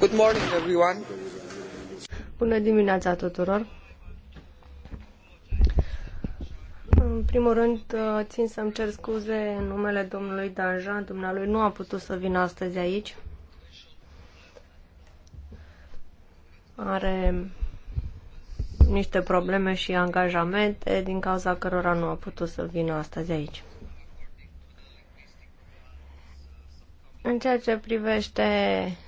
Good morning, everyone. Bună dimineața tuturor. În primul rând, uh, țin să-mi cer scuze în numele domnului Danjan. Dumnealui nu a putut să vină astăzi aici. Are niște probleme și angajamente din cauza cărora nu a putut să vină astăzi aici. În ceea ce privește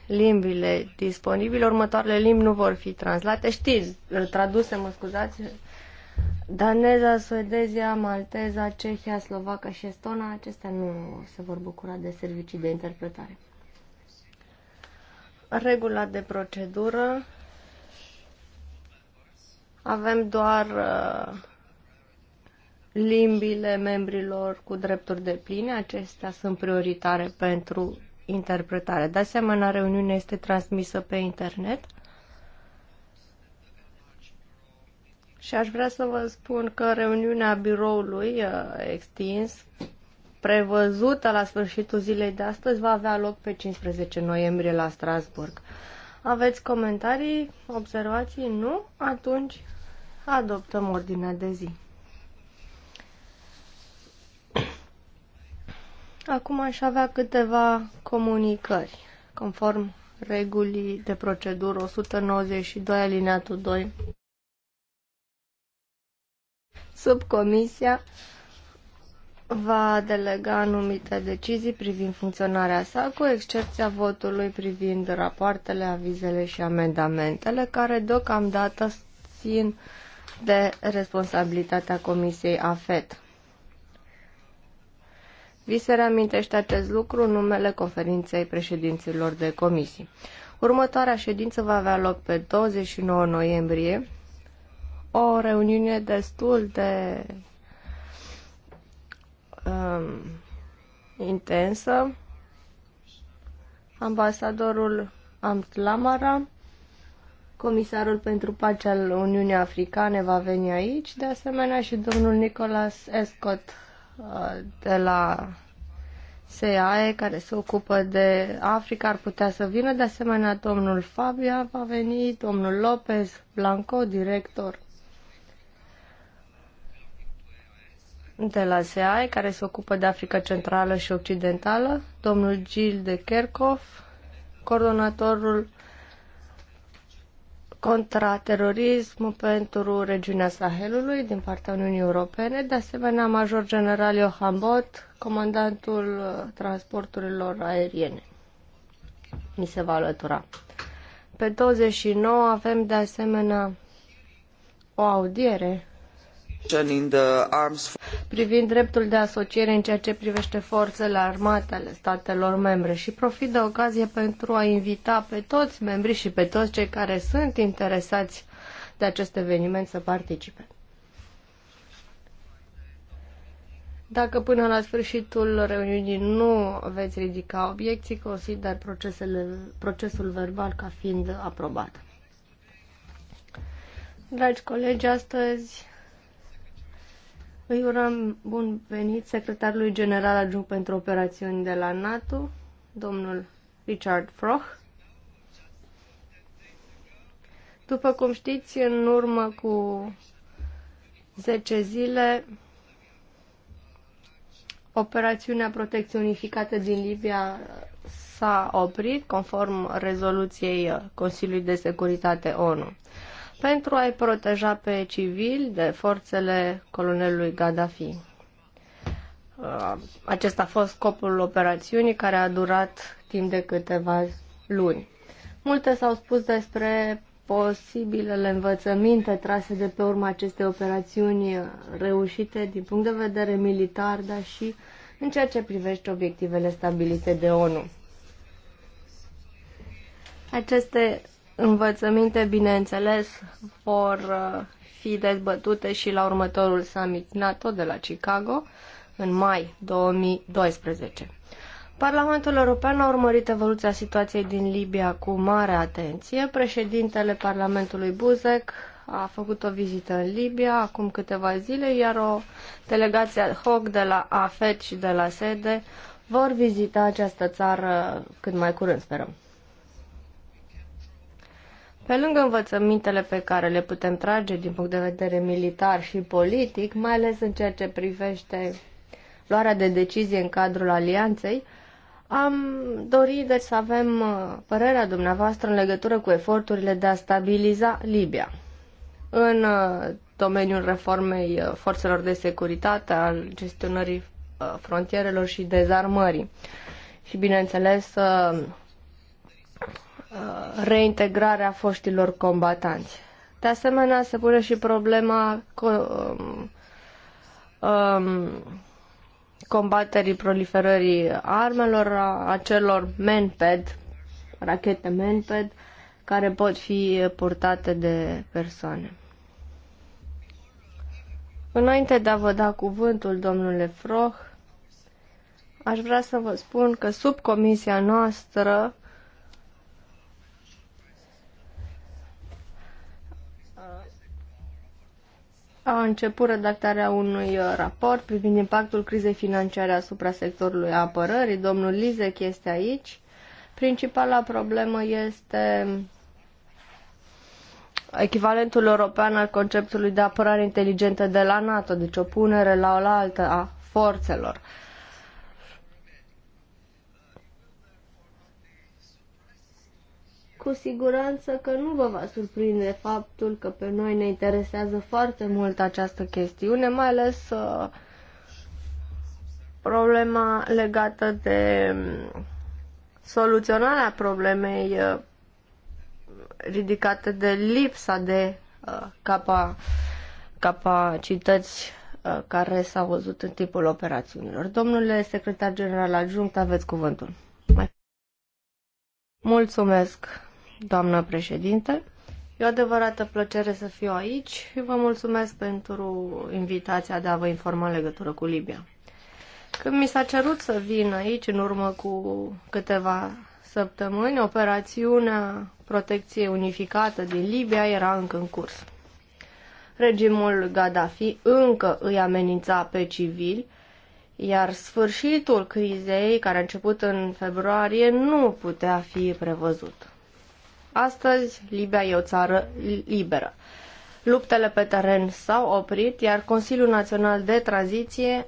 limbile disponibile, următoarele limbi nu vor fi translate, știți, traduse, mă scuzați, daneza, suedezia, malteza, cehia, slovacă și estona, acestea nu se vor bucura de servicii de interpretare. Regula de procedură, avem doar uh, limbile membrilor cu drepturi de pline, acestea sunt prioritare pentru interpretare. De asemenea, reuniunea este transmisă pe internet. Și aș vrea să vă spun că reuniunea biroului uh, extins, prevăzută la sfârșitul zilei de astăzi, va avea loc pe 15 noiembrie la Strasburg. Aveți comentarii, observații? Nu? Atunci adoptăm ordinea de zi. Acum aș avea câteva comunicări, conform regulii de procedură 192 alineatul 2. Subcomisia va delega anumite decizii privind funcționarea sa, cu excepția votului privind rapoartele, avizele și amendamentele, care deocamdată țin de responsabilitatea Comisiei AFET. Vi se reamintește acest lucru în numele conferinței președinților de comisii. Următoarea ședință va avea loc pe 29 noiembrie, o reuniune destul de um, intensă. Ambasadorul Amt Lamara, comisarul pentru pace al Uniunii Africane va veni aici, de asemenea și domnul Nicolas Escott de la SEAE care se ocupă de Africa ar putea să vină, de asemenea domnul Fabia va veni, domnul Lopez Blanco, director de la SEAE care se ocupă de Africa Centrală și Occidentală, domnul Gil de Kerkhoff, coordonatorul contraterorism pentru regiunea Sahelului din partea Uniunii Europene, de asemenea Major General Johan Bot, comandantul uh, transporturilor aeriene. Mi se va alătura. Pe 29 avem de asemenea o audiere privind dreptul de asociere în ceea ce privește forțele armate ale statelor membre și profit de ocazie pentru a invita pe toți membrii și pe toți cei care sunt interesați de acest eveniment să participe. Dacă până la sfârșitul reuniunii nu veți ridica obiecții, consider procesul verbal ca fiind aprobat. Dragi colegi, astăzi îi urăm bun venit secretarului general adjunct pentru operațiuni de la NATO, domnul Richard Froch. După cum știți, în urmă cu 10 zile, operațiunea protecției unificată din Libia s-a oprit conform rezoluției Consiliului de Securitate ONU pentru a-i proteja pe civili de forțele colonelului Gaddafi. Uh, acesta a fost scopul operațiunii care a durat timp de câteva luni. Multe s-au spus despre posibilele învățăminte trase de pe urma acestei operațiuni reușite din punct de vedere militar, dar și în ceea ce privește obiectivele stabilite de ONU. Aceste învățăminte, bineînțeles, vor uh, fi dezbătute și la următorul summit NATO de la Chicago în mai 2012. Parlamentul European a urmărit evoluția situației din Libia cu mare atenție. Președintele Parlamentului Buzek a făcut o vizită în Libia acum câteva zile, iar o delegație ad hoc de la AFET și de la SEDE vor vizita această țară cât mai curând, sperăm. Pe lângă învățămintele pe care le putem trage din punct de vedere militar și politic, mai ales în ceea ce privește luarea de decizie în cadrul alianței, am dorit deci să avem uh, părerea dumneavoastră în legătură cu eforturile de a stabiliza Libia. În uh, domeniul reformei uh, forțelor de securitate, al gestionării frontierelor și dezarmării. Și bineînțeles Uh, reintegrarea foștilor combatanți. De asemenea, se pune și problema um, um, combaterii proliferării armelor, a acelor manpad, rachete manpad, care pot fi purtate de persoane. Înainte de a vă da cuvântul, domnule Froh, aș vrea să vă spun că sub comisia noastră a început redactarea unui uh, raport privind impactul crizei financiare asupra sectorului apărării. Domnul Lizec este aici. Principala problemă este echivalentul european al conceptului de apărare inteligentă de la NATO, deci o punere la oaltă a forțelor. Uh, cu siguranță că nu vă va surprinde faptul că pe noi ne interesează foarte mult această chestiune, mai ales uh, problema legată de um, soluționarea problemei uh, ridicate de lipsa de uh, capa, capacități uh, care s-au văzut în timpul operațiunilor. Domnule secretar general adjunct, aveți cuvântul. Mulțumesc doamnă președinte. E o adevărată plăcere să fiu aici și vă mulțumesc pentru invitația de a vă informa în legătură cu Libia. Când mi s-a cerut să vin aici, în urmă cu câteva săptămâni, operațiunea protecție unificată din Libia era încă în curs. Regimul Gaddafi încă îi amenința pe civili, iar sfârșitul crizei, care a început în februarie, nu putea fi prevăzut. Astăzi, Libia e o țară liberă. Luptele pe teren s-au oprit, iar Consiliul Național de Tranziție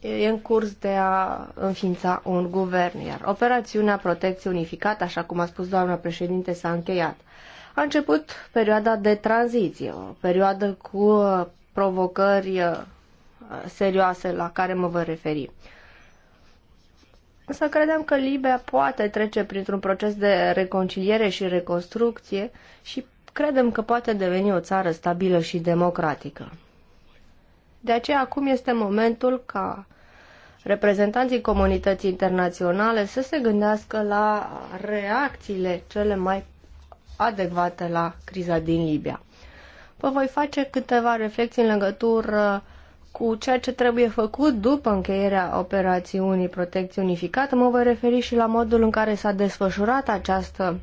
e în curs de a înființa un guvern, iar operațiunea Protecție Unificată, așa cum a spus doamna președinte, s-a încheiat. A început perioada de tranziție, o perioadă cu provocări uh, serioase la care mă voi referi. Însă credem că Libia poate trece printr-un proces de reconciliere și reconstrucție și credem că poate deveni o țară stabilă și democratică. De aceea acum este momentul ca reprezentanții comunității internaționale să se gândească la reacțiile cele mai adecvate la criza din Libia. Vă voi face câteva reflexii în legătură cu ceea ce trebuie făcut după încheierea operațiunii protecție unificată. Mă voi referi și la modul în care s-a desfășurat această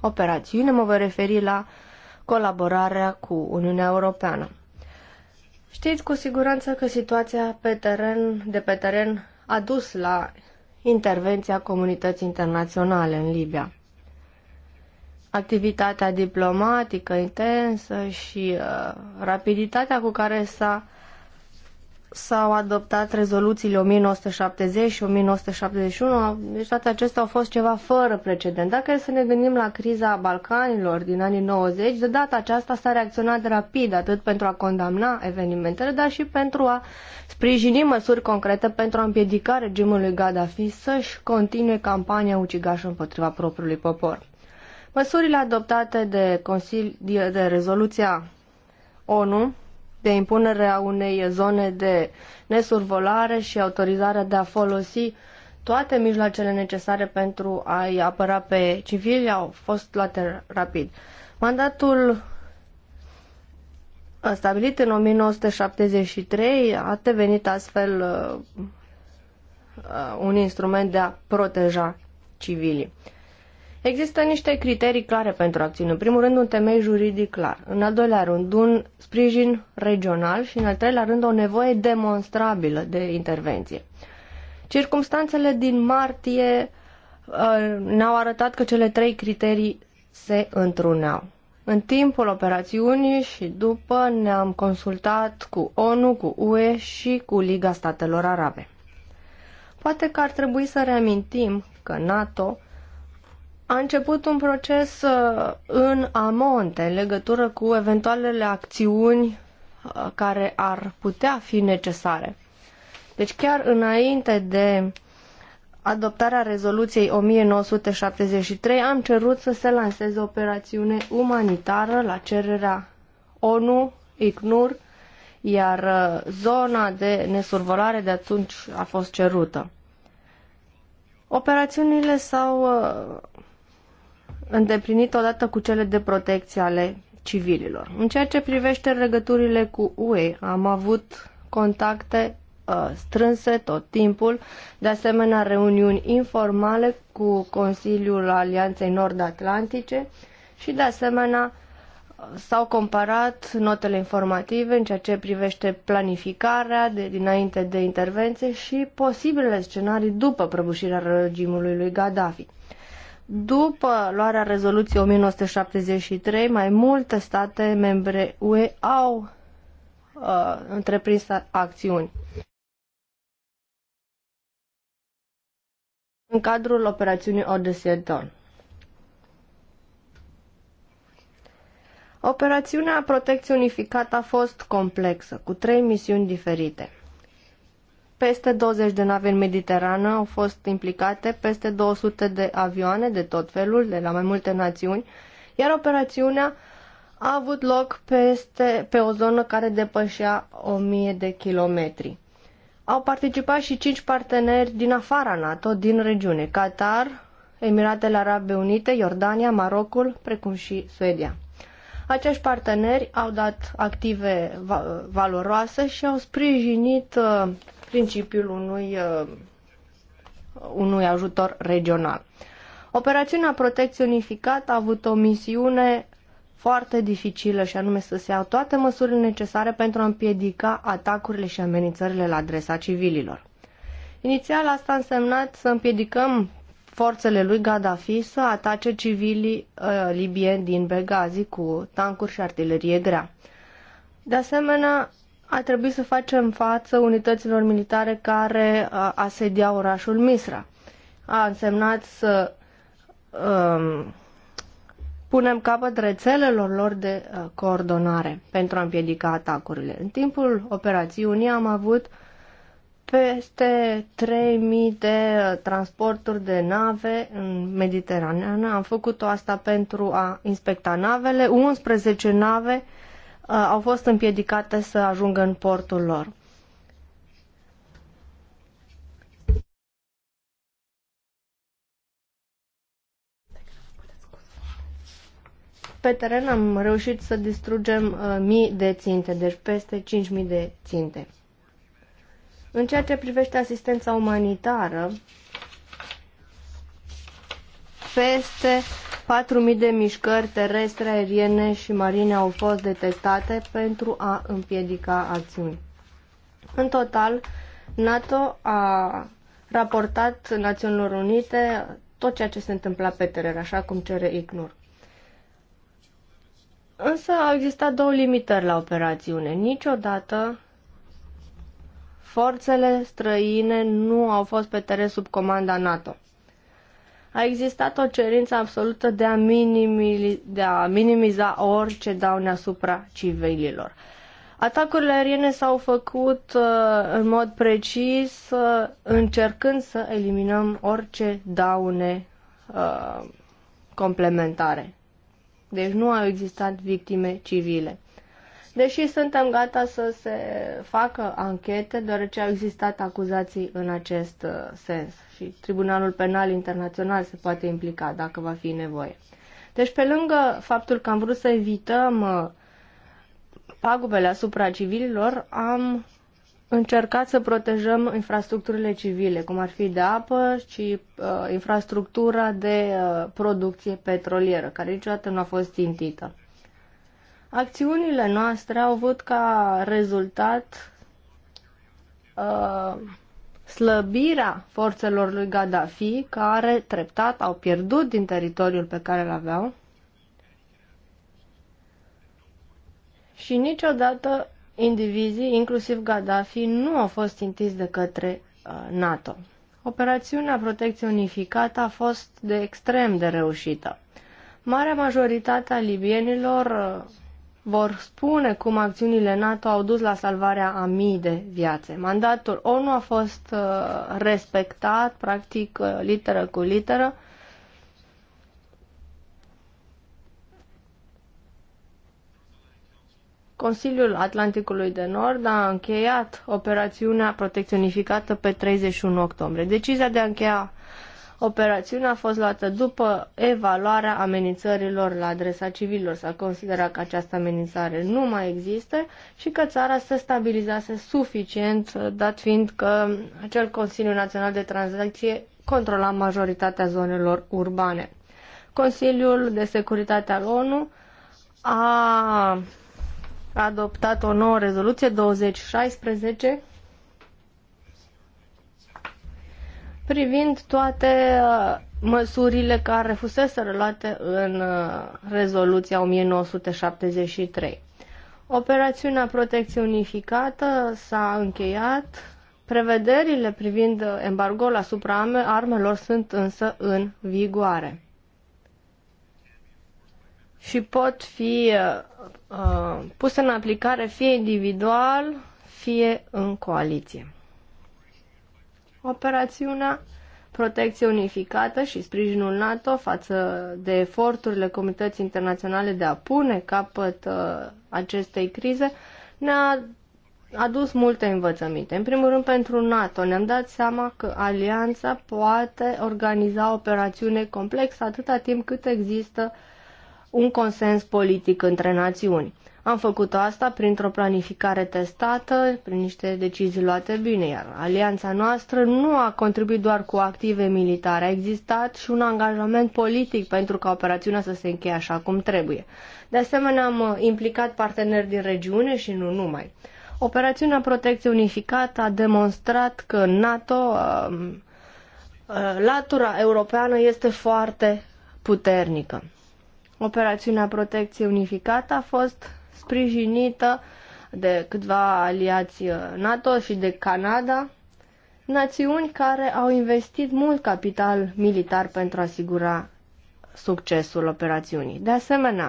operațiune, mă voi referi la colaborarea cu Uniunea Europeană. Știți cu siguranță că situația pe teren, de pe teren a dus la intervenția comunității internaționale în Libia. Activitatea diplomatică intensă și uh, rapiditatea cu care s-a s-au adoptat rezoluțiile 1970 și 1971, deci toate acestea au fost ceva fără precedent. Dacă e să ne gândim la criza Balcanilor din anii 90, de data aceasta s-a reacționat rapid, atât pentru a condamna evenimentele, dar și pentru a sprijini măsuri concrete pentru a împiedica regimului Gaddafi să-și continue campania ucigașă împotriva propriului popor. Măsurile adoptate de, Consili- de rezoluția ONU de impunere a unei zone de nesurvolare și autorizarea de a folosi toate mijloacele necesare pentru a-i apăra pe civili au fost luate rapid. Mandatul stabilit în 1973 a devenit astfel uh, uh, un instrument de a proteja civilii. Există niște criterii clare pentru acțiune. În primul rând, un temei juridic clar. În al doilea rând, un sprijin regional și, în al treilea rând, o nevoie demonstrabilă de intervenție. Circumstanțele din martie uh, ne-au arătat că cele trei criterii se întruneau. În timpul operațiunii și după ne-am consultat cu ONU, cu UE și cu Liga Statelor Arabe. Poate că ar trebui să reamintim că NATO a început un proces uh, în amonte în legătură cu eventualele acțiuni uh, care ar putea fi necesare. Deci chiar înainte de adoptarea rezoluției 1973 am cerut să se lanseze operațiune umanitară la cererea ONU, ICNUR, iar uh, zona de nesurvolare de atunci a fost cerută. Operațiunile s-au îndeplinit odată cu cele de protecție ale civililor. În ceea ce privește legăturile cu UE, am avut contacte uh, strânse tot timpul, de asemenea reuniuni informale cu Consiliul Alianței Nord-Atlantice și de asemenea s-au comparat notele informative în ceea ce privește planificarea de dinainte de intervenție și posibilele scenarii după prăbușirea regimului lui Gaddafi. După luarea rezoluției 1973, mai multe state membre UE au uh, întreprins acțiuni. În cadrul operațiunii Odyssey Dawn. Operațiunea protecție unificată a fost complexă, cu trei misiuni diferite – peste 20 de nave în Mediterană au fost implicate, peste 200 de avioane de tot felul, de la mai multe națiuni, iar operațiunea a avut loc peste, pe o zonă care depășea 1000 de kilometri. Au participat și cinci parteneri din afara NATO, din regiune, Qatar, Emiratele Arabe Unite, Iordania, Marocul, precum și Suedia. Acești parteneri au dat active valoroase și au sprijinit uh, principiul unui, uh, unui ajutor regional. Operațiunea Protecție Unificată a avut o misiune foarte dificilă și anume să se iau toate măsurile necesare pentru a împiedica atacurile și amenințările la adresa civililor. Inițial asta a însemnat să împiedicăm forțele lui Gaddafi să atace civilii uh, libieni din Benghazi cu tancuri și artilerie grea. De asemenea, a trebuit să facem față unităților militare care asediau orașul Misra. A însemnat să um, punem capăt rețelelor lor de uh, coordonare pentru a împiedica atacurile. În timpul operațiunii am avut peste 3000 de uh, transporturi de nave în Mediterană. Am făcut asta pentru a inspecta navele. 11 nave uh, Uh, au fost împiedicate să ajungă în portul lor. Pe teren am reușit să distrugem uh, mii de ținte, deci peste 5.000 de ținte. În ceea ce privește asistența umanitară, peste 4.000 de mișcări terestre, aeriene și marine au fost detectate pentru a împiedica acțiuni. În total, NATO a raportat Națiunilor Unite tot ceea ce se întâmpla pe teren, așa cum cere ICNUR. Însă au existat două limitări la operațiune. Niciodată forțele străine nu au fost pe teren sub comanda NATO a existat o cerință absolută de a, minimi, de a minimiza orice daune asupra civililor. Atacurile aeriene s-au făcut uh, în mod precis, uh, încercând să eliminăm orice daune uh, complementare. Deci nu au existat victime civile deși suntem gata să se facă anchete, deoarece au existat acuzații în acest uh, sens și Tribunalul Penal Internațional se poate implica dacă va fi nevoie. Deci, pe lângă faptul că am vrut să evităm uh, pagubele asupra civililor, am încercat să protejăm infrastructurile civile, cum ar fi de apă și uh, infrastructura de uh, producție petrolieră, care niciodată nu a fost țintită. Acțiunile noastre au avut ca rezultat uh, slăbirea forțelor lui Gaddafi, care treptat au pierdut din teritoriul pe care îl aveau și niciodată indivizii, inclusiv Gaddafi, nu au fost intiți de către uh, NATO. Operațiunea protecție unificată a fost de extrem de reușită. Marea majoritate a libienilor uh, vor spune cum acțiunile NATO au dus la salvarea a mii de viațe. Mandatul ONU a fost uh, respectat, practic, uh, literă cu literă. Consiliul Atlanticului de Nord a încheiat operațiunea protecționificată pe 31 octombrie. Decizia de a încheia Operațiunea a fost luată după evaluarea amenințărilor la adresa civililor. S-a considerat că această amenințare nu mai există și că țara se stabilizase suficient, dat fiind că acel Consiliu Național de Tranzacție controla majoritatea zonelor urbane. Consiliul de Securitate al ONU a adoptat o nouă rezoluție 2016 privind toate uh, măsurile care fusese luate în uh, rezoluția 1973. Operațiunea protecție unificată s-a încheiat, prevederile privind embargoul asupra armelor sunt însă în vigoare și pot fi uh, uh puse în aplicare fie individual, fie în coaliție operațiunea, protecție unificată și sprijinul NATO față de eforturile Comunității Internaționale de a pune capăt uh, acestei crize ne-a adus multe învățăminte. În primul rând pentru NATO ne-am dat seama că alianța poate organiza operațiune complexă atâta timp cât există un consens politic între națiuni. Am făcut asta printr-o planificare testată, prin niște decizii luate bine, iar alianța noastră nu a contribuit doar cu active militare, a existat și un angajament politic pentru ca operațiunea să se încheie așa cum trebuie. De asemenea, am uh, implicat parteneri din regiune și nu numai. Operațiunea Protecție Unificată a demonstrat că NATO, um, uh, latura europeană este foarte puternică. Operațiunea Protecție Unificată a fost sprijinită de câțiva aliați uh, NATO și de Canada, națiuni care au investit mult capital militar pentru a asigura succesul operațiunii. De asemenea,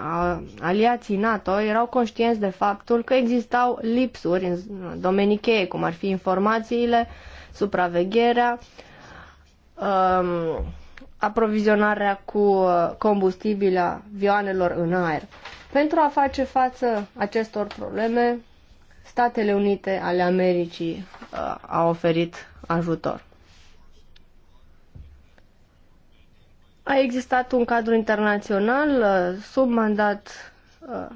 aliații NATO erau conștienți de faptul că existau lipsuri în domenii cheie, cum ar fi informațiile, supravegherea, um, aprovizionarea cu uh, combustibilă avioanelor în aer. Pentru a face față acestor probleme, Statele Unite ale Americii uh, au oferit ajutor. A existat un cadru internațional uh, sub mandat uh,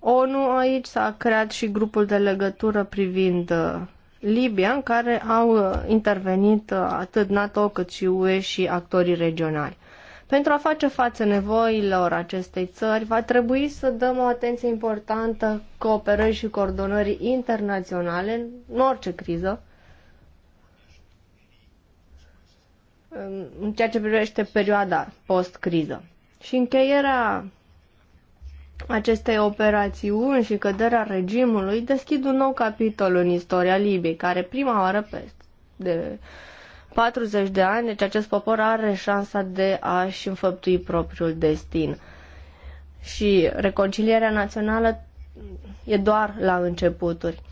ONU aici, s-a creat și grupul de legătură privind uh, Libia, în care au uh, intervenit uh, atât NATO cât și UE și actorii regionali. Pentru a face față nevoilor acestei țări, va trebui să dăm o atenție importantă cooperării și coordonării internaționale în orice criză, în ceea ce privește perioada post-criză. Și încheierea acestei operațiuni și căderea regimului deschid un nou capitol în istoria Libiei, care prima oară pe de 40 de ani, deci acest popor are șansa de a-și înfăptui propriul destin. Și reconcilierea națională e doar la începuturi.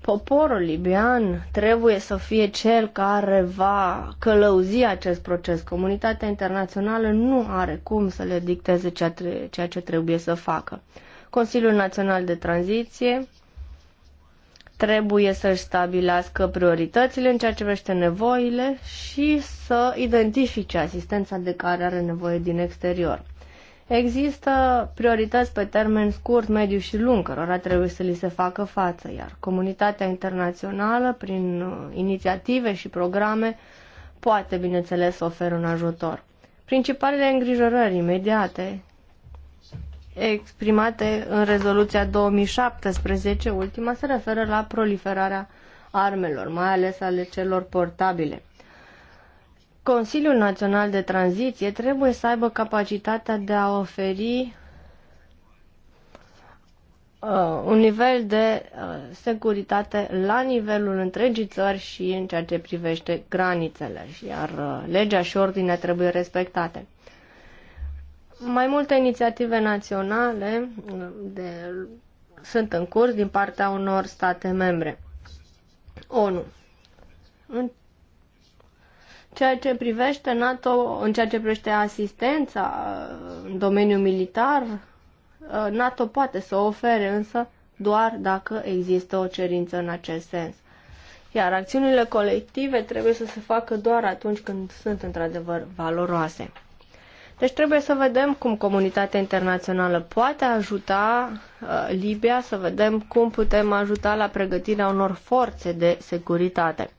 Poporul libian trebuie să fie cel care va călăuzi acest proces. Comunitatea internațională nu are cum să le dicteze ceea ce trebuie să facă. Consiliul Național de Tranziție trebuie să-și stabilească prioritățile în ceea ce privește nevoile și să identifice asistența de care are nevoie din exterior. Există priorități pe termen scurt, mediu și lung, cărora trebuie să li se facă față, iar comunitatea internațională, prin uh, inițiative și programe, poate, bineînțeles, să oferă un ajutor. Principalele îngrijorări imediate exprimate în rezoluția 2017, ultima, se referă la proliferarea armelor, mai ales ale celor portabile. Consiliul Național de Tranziție trebuie să aibă capacitatea de a oferi uh, un nivel de uh, securitate la nivelul întregii țări și în ceea ce privește granițele, iar uh, legea și ordinea trebuie respectate. Mai multe inițiative naționale de, sunt în curs din partea unor state membre. ONU. În ceea ce privește NATO, în ceea ce privește asistența în domeniul militar, NATO poate să o ofere, însă doar dacă există o cerință în acest sens. Iar acțiunile colective trebuie să se facă doar atunci când sunt într-adevăr valoroase. Deci trebuie să vedem cum comunitatea internațională poate ajuta uh, Libia, să vedem cum putem ajuta la pregătirea unor forțe de securitate.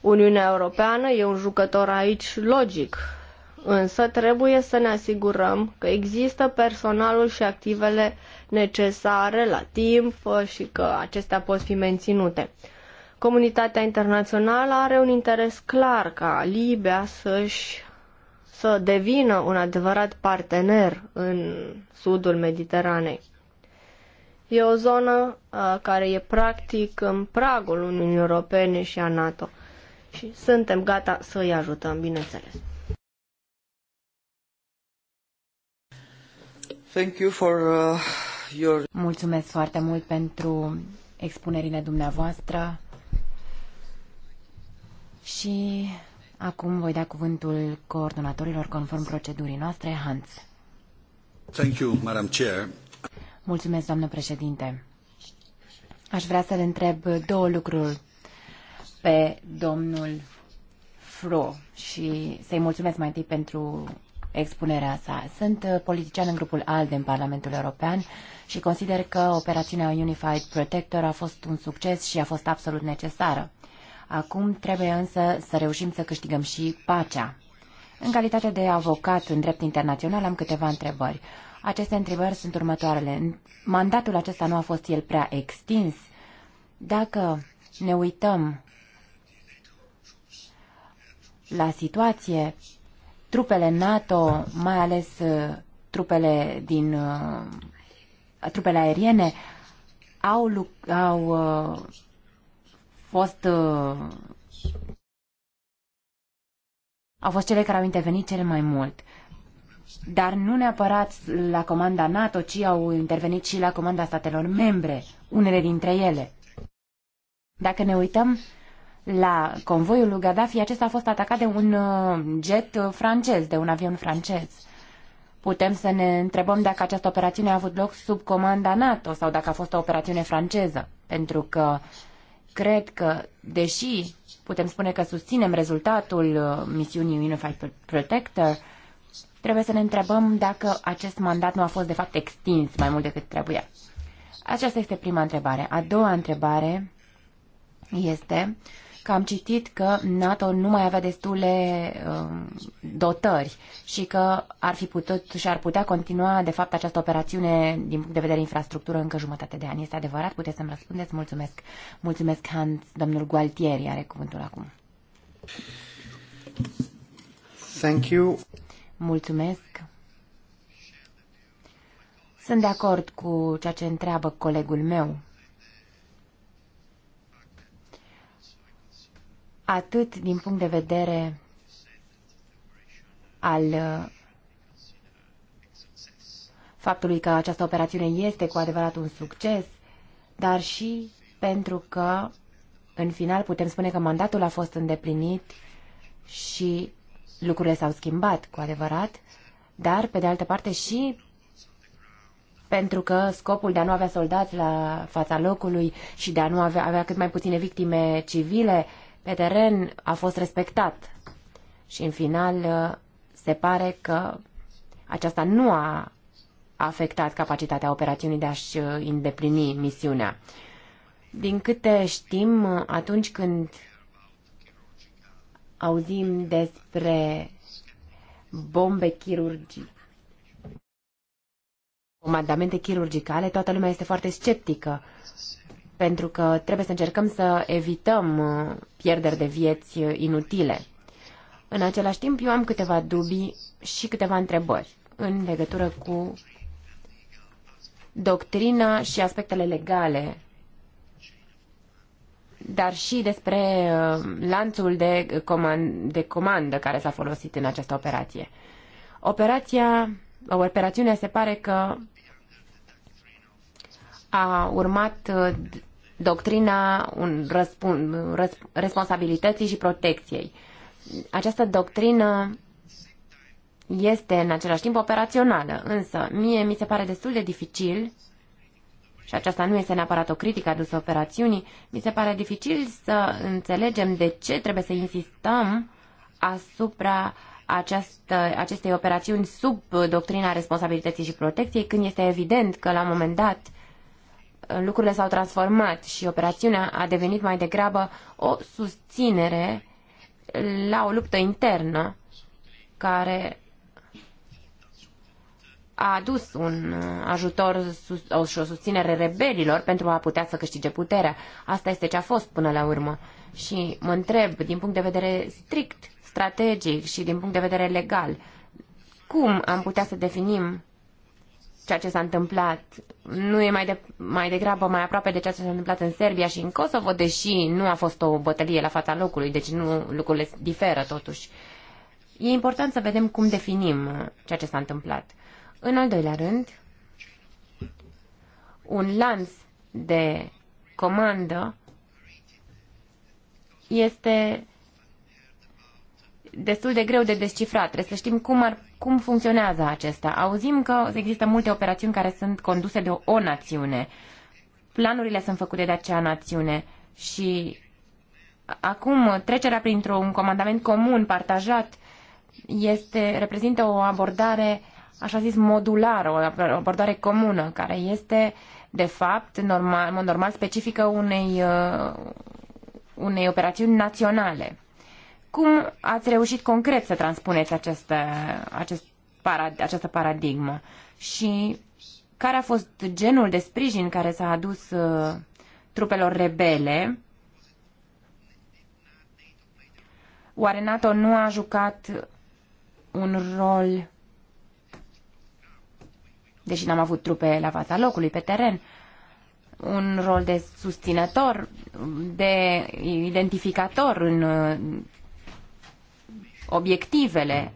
Uniunea Europeană e un jucător aici logic, însă trebuie să ne asigurăm că există personalul și activele necesare la timp uh, și că acestea pot fi menținute. Comunitatea internațională are un interes clar ca Libia să-și să devină un adevărat partener în sudul Mediteranei. E o zonă uh, care e practic în pragul Uniunii Europene și a NATO și suntem gata să îi ajutăm, bineînțeles. Thank you for, uh, your... Mulțumesc foarte mult pentru expunerile dumneavoastră și Acum voi da cuvântul coordonatorilor conform procedurii noastre, Hans. Thank you, Madam Chair. Mulțumesc, doamnă președinte. Aș vrea să-l întreb două lucruri pe domnul Fro și să-i mulțumesc mai întâi pentru expunerea sa. Sunt politician în grupul ALDE în Parlamentul European și consider că operațiunea Unified Protector a fost un succes și a fost absolut necesară. Acum trebuie însă să reușim să câștigăm și pacea. În calitate de avocat în drept internațional am câteva întrebări. Aceste întrebări sunt următoarele. Mandatul acesta nu a fost el prea extins? Dacă ne uităm la situație, trupele NATO, mai ales uh, trupele din uh, trupele aeriene, au, au uh, fost uh, au fost cele care au intervenit cel mai mult. Dar nu neapărat la comanda NATO, ci au intervenit și la comanda statelor membre, unele dintre ele. Dacă ne uităm la convoiul lui Gaddafi, acesta a fost atacat de un uh, jet francez, de un avion francez. Putem să ne întrebăm dacă această operațiune a avut loc sub comanda NATO sau dacă a fost o operațiune franceză, pentru că uh, cred că, deși putem spune că susținem rezultatul uh, misiunii Unified Protector, trebuie să ne întrebăm dacă acest mandat nu a fost de fapt extins mai mult decât trebuia. Aceasta este prima întrebare. A doua întrebare este că am citit că NATO nu mai avea destule um, dotări și că ar fi putut și ar putea continua, de fapt, această operațiune din punct de vedere infrastructură încă jumătate de ani. Este adevărat? Puteți să-mi răspundeți? Mulțumesc. Mulțumesc, Hans. Domnul Gualtieri are cuvântul acum. Thank you. Mulțumesc. Sunt de acord cu ceea ce întreabă colegul meu atât din punct de vedere al uh, faptului că această operațiune este cu adevărat un succes, dar și pentru că, în final, putem spune că mandatul a fost îndeplinit și lucrurile s-au schimbat cu adevărat, dar, pe de altă parte, și pentru că scopul de a nu avea soldați la fața locului și de a nu avea, avea cât mai puține victime civile pe teren a fost respectat și în final uh, se pare că aceasta nu a afectat capacitatea operațiunii de a-și uh, îndeplini misiunea. Din câte știm, uh, atunci când auzim despre bombe chirurgice, comandamente chirurgicale, toată lumea este foarte sceptică pentru că trebuie să încercăm să evităm uh, pierderi de vieți uh, inutile. În același timp, eu am câteva dubii și câteva întrebări în legătură cu doctrina și aspectele legale, dar și despre uh, lanțul de, comand, de comandă care s-a folosit în această operație. Operația, o operațiune se pare că a urmat doctrina un răspund, răsp, responsabilității și protecției. Această doctrină este în același timp operațională, însă mie mi se pare destul de dificil și aceasta nu este neapărat o critică adusă operațiunii, mi se pare dificil să înțelegem de ce trebuie să insistăm asupra această, acestei operațiuni sub doctrina responsabilității și protecției, când este evident că la un moment dat lucrurile s-au transformat și operațiunea a devenit mai degrabă o susținere la o luptă internă care a adus un ajutor și o susținere rebelilor pentru a putea să câștige puterea. Asta este ce a fost până la urmă. Și mă întreb, din punct de vedere strict, strategic și din punct de vedere legal, cum am putea să definim ceea ce s-a întâmplat nu e mai, de, mai degrabă mai aproape de ceea ce s-a întâmplat în Serbia și în Kosovo, deși nu a fost o bătălie la fața locului, deci nu lucrurile diferă totuși. E important să vedem cum definim uh, ceea ce s-a întâmplat. În al doilea rând, un lanț de comandă este destul de greu de descifrat. Trebuie să știm cum ar cum funcționează acesta. Auzim că există multe operațiuni care sunt conduse de o națiune. Planurile sunt făcute de acea națiune și acum trecerea printr-un comandament comun, partajat, este, reprezintă o abordare, așa zis, modulară, o abordare comună, care este, de fapt, normal, normal specifică unei, uh, unei operațiuni naționale. Cum ați reușit concret să transpuneți această, acest parad, această paradigmă? Și care a fost genul de sprijin care s-a adus uh, trupelor rebele? Oare NATO nu a jucat un rol, deși n-am avut trupe la fața locului, pe teren, un rol de susținător, de identificator în uh, obiectivele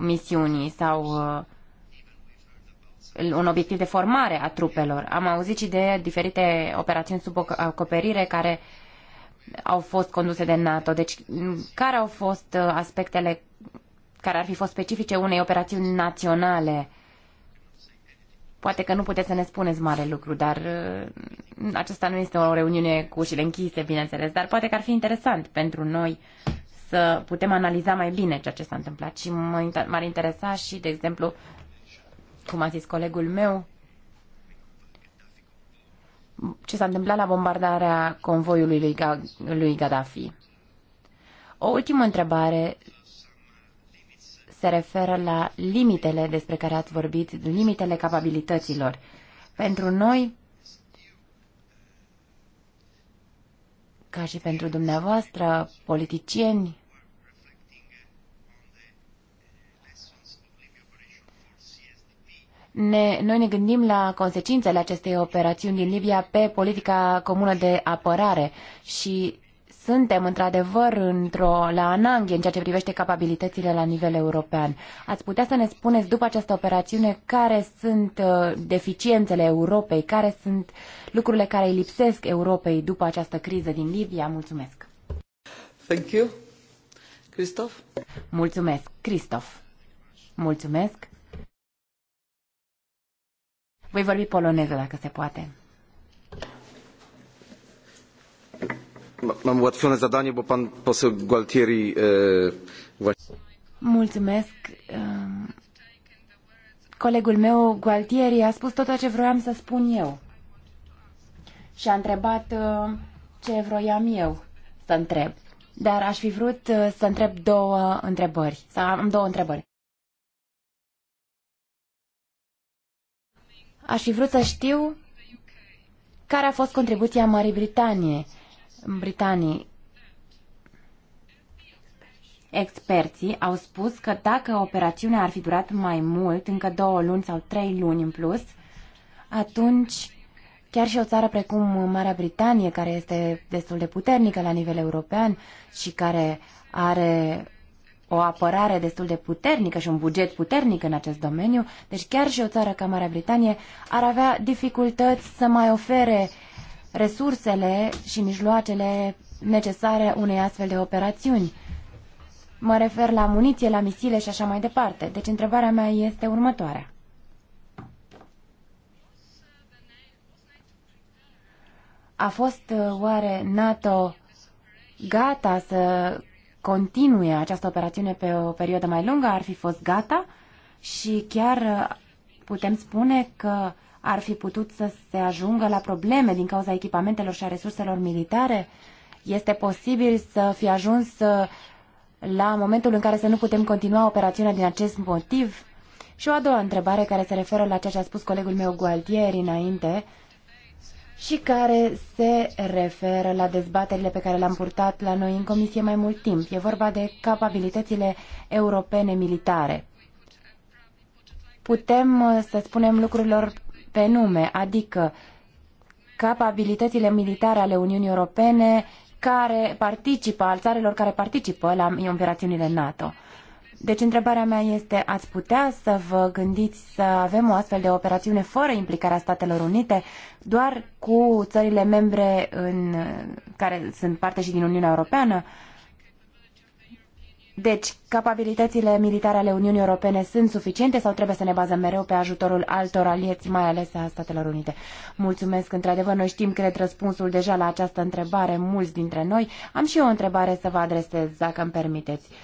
misiunii sau uh, un obiectiv de formare a trupelor. Am auzit și de diferite operațiuni sub acoperire care au fost conduse de NATO. Deci, care au fost uh, aspectele care ar fi fost specifice unei operațiuni naționale? Poate că nu puteți să ne spuneți mare lucru, dar uh, aceasta nu este o reuniune cu ușile închise, bineînțeles, dar poate că ar fi interesant pentru noi să putem analiza mai bine ceea ce s-a întâmplat și m-ar interesa și, de exemplu, cum a zis colegul meu, ce s-a întâmplat la bombardarea convoiului lui, Ga- lui Gaddafi. O ultimă întrebare se referă la limitele despre care ați vorbit, limitele capabilităților. Pentru noi, ca și pentru dumneavoastră, politicieni, ne, noi ne gândim la consecințele acestei operațiuni din Libia pe politica comună de apărare și suntem într-adevăr într-o la ananghe în ceea ce privește capabilitățile la nivel european. Ați putea să ne spuneți după această operațiune care sunt uh, deficiențele Europei, care sunt lucrurile care îi lipsesc Europei după această criză din Libia? Mulțumesc! Thank you. Christoph? Mulțumesc, Christoph. Mulțumesc. Voi vorbi poloneză, dacă se poate. Mam ułatwione zadanie, bă, pan posă, Gualtieri Mulțumesc. Ehm, colegul meu, Gualtieri, a spus tot ce vroiam să spun eu. Și a întrebat ce vroiam eu să întreb. Dar aș fi vrut să întreb două întrebări. Să am două întrebări. Aș fi vrut să știu care a fost contribuția Marii Britanie, Britanii. Experții au spus că dacă operațiunea ar fi durat mai mult, încă două luni sau trei luni în plus, atunci chiar și o țară precum Marea Britanie, care este destul de puternică la nivel european și care are o apărare destul de puternică și un buget puternic în acest domeniu, deci chiar și o țară ca Marea Britanie ar avea dificultăți să mai ofere resursele și mijloacele necesare unei astfel de operațiuni. Mă refer la muniție, la misile și așa mai departe. Deci întrebarea mea este următoarea. A fost uh, oare NATO gata să continue această operațiune pe o perioadă mai lungă ar fi fost gata și chiar uh, putem spune că ar fi putut să se ajungă la probleme din cauza echipamentelor și a resurselor militare? Este posibil să fi ajuns uh, la momentul în care să nu putem continua operațiunea din acest motiv? Și o a doua întrebare care se referă la ceea ce a spus colegul meu Gualtieri înainte, și care se referă la dezbaterile pe care le-am purtat la noi în comisie mai mult timp. E vorba de capabilitățile europene militare. Putem uh, să spunem lucrurilor pe nume, adică capabilitățile militare ale Uniunii Europene care participă, al țarelor care participă la operațiunile NATO. Deci întrebarea mea este, ați putea să vă gândiți să avem o astfel de operațiune fără implicarea Statelor Unite, doar cu țările membre în, care sunt parte și din Uniunea Europeană? Deci, capabilitățile militare ale Uniunii Europene sunt suficiente sau trebuie să ne bazăm mereu pe ajutorul altor alieți, mai ales a Statelor Unite? Mulțumesc, într-adevăr, noi știm, cred, răspunsul deja la această întrebare, mulți dintre noi. Am și eu o întrebare să vă adresez, dacă îmi permiteți. Uh,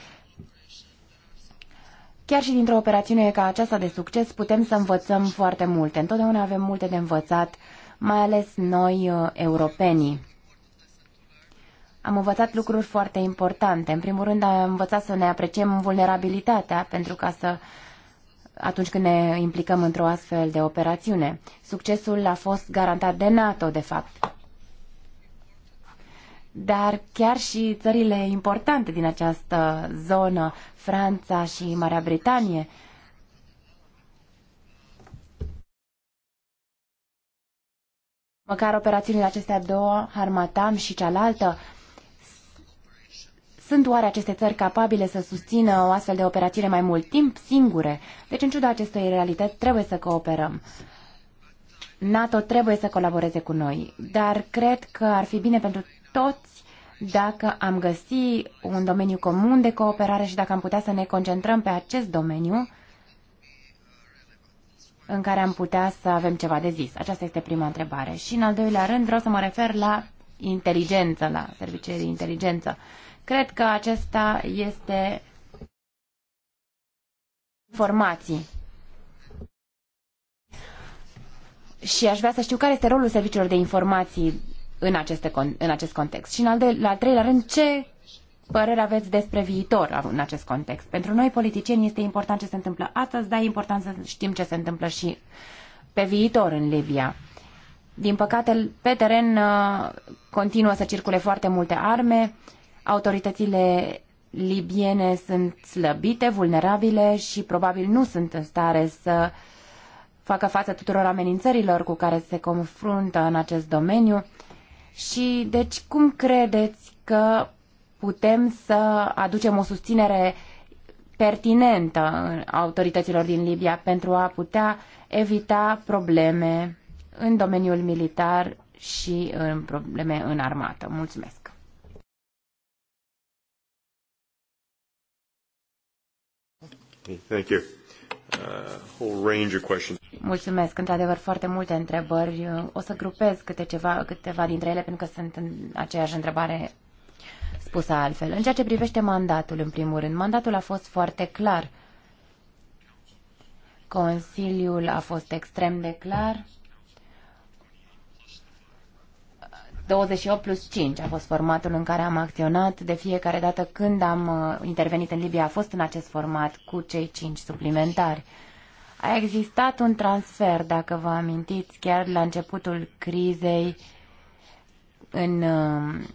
Chiar și dintr-o operațiune ca aceasta de succes putem să învățăm foarte multe. Întotdeauna avem multe de învățat, mai ales noi, uh, europenii. Am învățat lucruri foarte importante. În primul rând am învățat să ne apreciem vulnerabilitatea pentru ca să atunci când ne implicăm într-o astfel de operațiune. Succesul a fost garantat de NATO, de fapt dar chiar și țările importante din această zonă, Franța și Marea Britanie, măcar operațiunile acestea două, Harmatam și cealaltă, sunt oare aceste țări capabile să susțină o astfel de operațiune mai mult timp singure? Deci, în ciuda acestei realități, trebuie să cooperăm. NATO trebuie să colaboreze cu noi, dar cred că ar fi bine pentru toți dacă am găsi un domeniu comun de cooperare și dacă am putea să ne concentrăm pe acest domeniu în care am putea să avem ceva de zis. Aceasta este prima întrebare. Și în al doilea rând vreau să mă refer la inteligență, la serviciile de inteligență. Cred că acesta este informații. Și aș vrea să știu care este rolul serviciilor de informații în, aceste, în acest context? Și în al, de, la treilea rând, ce părere aveți despre viitor în acest context? Pentru noi, politicieni, este important ce se întâmplă astăzi, dar e important să știm ce se întâmplă și pe viitor în Libia. Din păcate, pe teren uh, continuă să circule foarte multe arme, autoritățile libiene sunt slăbite, vulnerabile și probabil nu sunt în stare să facă față tuturor amenințărilor cu care se confruntă în acest domeniu. Și deci cum credeți că putem să aducem o susținere pertinentă autorităților din Libia pentru a putea evita probleme în domeniul militar și în probleme în armată. Mulțumesc! Thank you whole range of questions. Mulțumesc, într-adevăr, foarte multe întrebări. O să grupez câte ceva, câteva dintre ele, pentru că sunt în aceeași întrebare spusă altfel. În ceea ce privește mandatul, în primul rând, mandatul a fost foarte clar. Consiliul a fost extrem de clar 28 plus 5 a fost formatul în care am acționat. De fiecare dată când am uh, intervenit în Libia a fost în acest format cu cei 5 suplimentari. A existat un transfer, dacă vă amintiți, chiar la începutul crizei în, uh,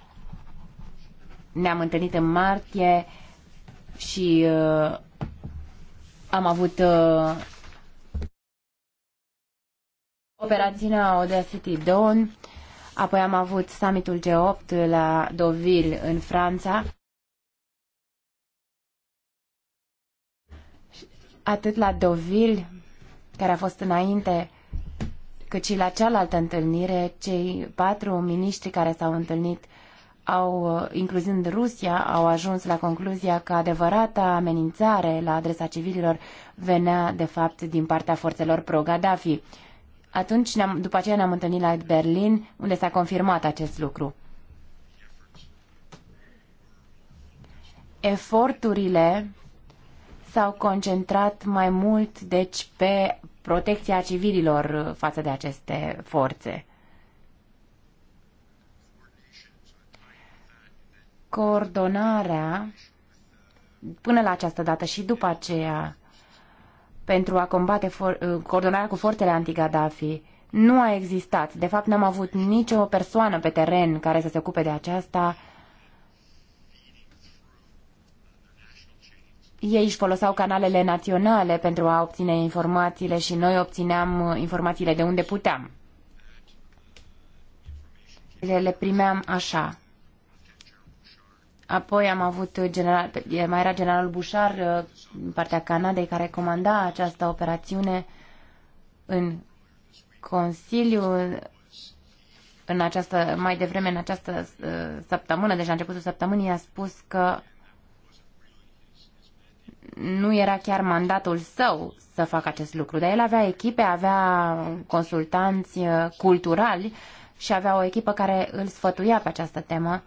ne-am întâlnit în martie și uh, am avut uh, operațiunea Audacity Dawn Apoi am avut summitul G8 la Deauville în Franța. Atât la Deauville, care a fost înainte, cât și la cealaltă întâlnire, cei patru miniștri care s-au întâlnit au, incluzând Rusia, au ajuns la concluzia că adevărata amenințare la adresa civililor venea, de fapt, din partea forțelor pro-Gaddafi. Atunci, ne-am, după aceea ne-am întâlnit la Berlin, unde s-a confirmat acest lucru. Eforturile s-au concentrat mai mult, deci, pe protecția civililor față de aceste forțe. Coordonarea până la această dată și după aceea pentru a combate uh, coordonarea cu forțele anti-Gaddafi nu a existat. De fapt, n-am avut nicio persoană pe teren care să se ocupe de aceasta. Ei își foloseau canalele naționale pentru a obține informațiile și noi obțineam uh, informațiile de unde puteam. Le primeam așa. Apoi am avut general, mai era generalul Bușar în uh, partea Canadei care comanda această operațiune în Consiliu în această, mai devreme în această uh, săptămână, deci la începutul săptămânii a spus că nu era chiar mandatul său să facă acest lucru, dar el avea echipe, avea consultanți uh, culturali și avea o echipă care îl sfătuia pe această temă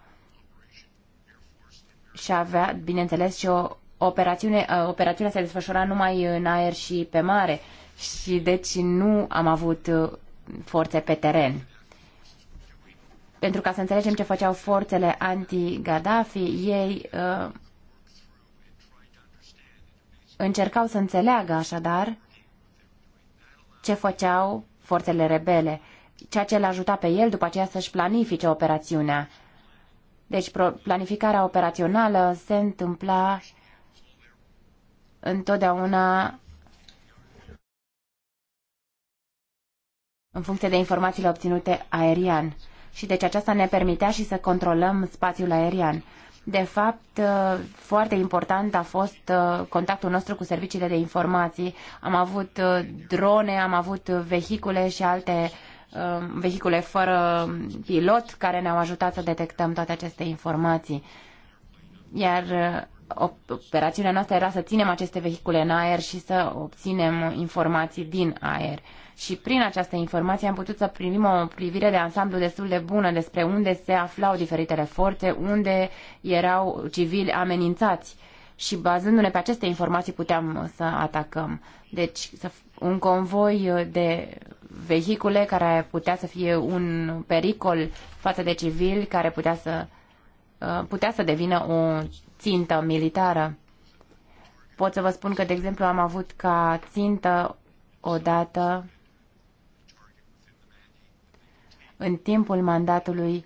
și avea, bineînțeles, și o operațiune, uh, operațiunea se desfășura numai în aer și pe mare și deci nu am avut uh, forțe pe teren. Pentru ca să înțelegem ce făceau forțele anti-Gaddafi, ei uh, încercau să înțeleagă așadar ce făceau forțele rebele, ceea ce l ajutat pe el după aceea să-și planifice operațiunea deci planificarea operațională se întâmpla întotdeauna în funcție de informațiile obținute aerian. Și deci aceasta ne permitea și să controlăm spațiul aerian. De fapt, foarte important a fost uh, contactul nostru cu serviciile de informații. Am avut uh, drone, am avut vehicule și alte uh, Um, vehicule fără pilot care ne-au ajutat să detectăm toate aceste informații. Iar uh, operațiunea noastră era să ținem aceste vehicule în aer și să obținem informații din aer. Și prin această informație am putut să primim o privire de ansamblu destul de bună despre unde se aflau diferitele forțe, unde erau civili amenințați și bazându-ne pe aceste informații puteam uh, să atacăm. Deci un convoi uh, de vehicule care putea să fie un pericol față de civili, care putea să, uh, putea să devină o țintă militară. Pot să vă spun că, de exemplu, am avut ca țintă odată în timpul mandatului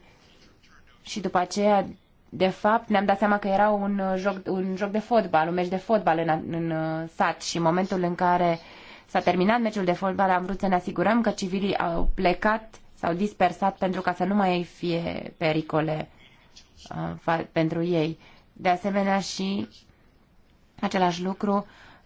și după aceea de fapt, ne-am dat seama că era un uh, joc, un joc de fotbal, un meci de fotbal în, în uh, sat și în momentul în care s-a terminat meciul de fotbal am vrut să ne asigurăm că civilii au plecat, s-au dispersat pentru ca să nu mai fie pericole uh, pentru ei. De asemenea și același lucru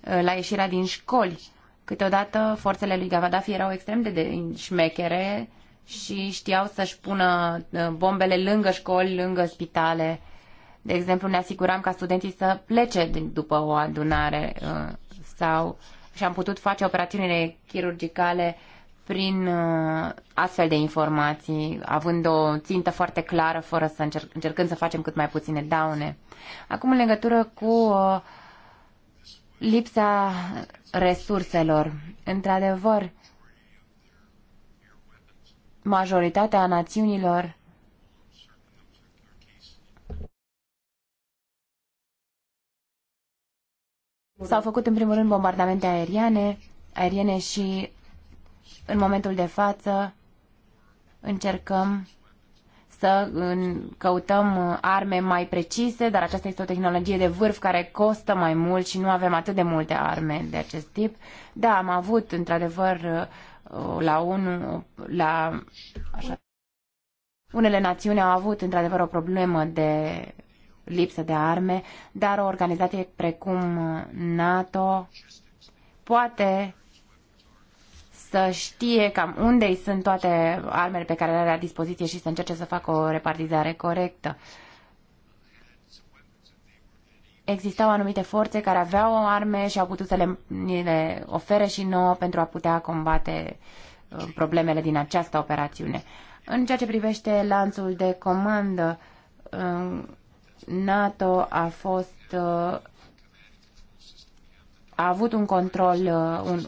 uh, la ieșirea din școli. Câteodată forțele lui Gavadafi erau extrem de, de șmechere, uh, și știau să-și pună uh, bombele lângă școli, lângă spitale. De exemplu, ne asiguram ca studenții să plece după o adunare uh, sau și am putut face operațiunile chirurgicale prin uh, astfel de informații, având o țintă foarte clară, fără să încerc, încercând să facem cât mai puține daune. Acum, în legătură cu lipsa resurselor, într-adevăr, majoritatea națiunilor S-au făcut în primul rând bombardamente aeriene, aeriene și în momentul de față încercăm să căutăm arme mai precise, dar aceasta este o tehnologie de vârf care costă mai mult și nu avem atât de multe arme de acest tip. Da, am avut într-adevăr la un, la așa, unele națiuni au avut într-adevăr o problemă de lipsă de arme, dar o organizație precum NATO poate să știe cam unde sunt toate armele pe care le are la dispoziție și să încerce să facă o repartizare corectă. Uh, existau anumite forțe care aveau arme și au putut să le, le ofere și nouă pentru a putea combate uh, problemele din această operațiune. În ceea ce privește lanțul de comandă, uh, NATO a fost uh, a avut un control, un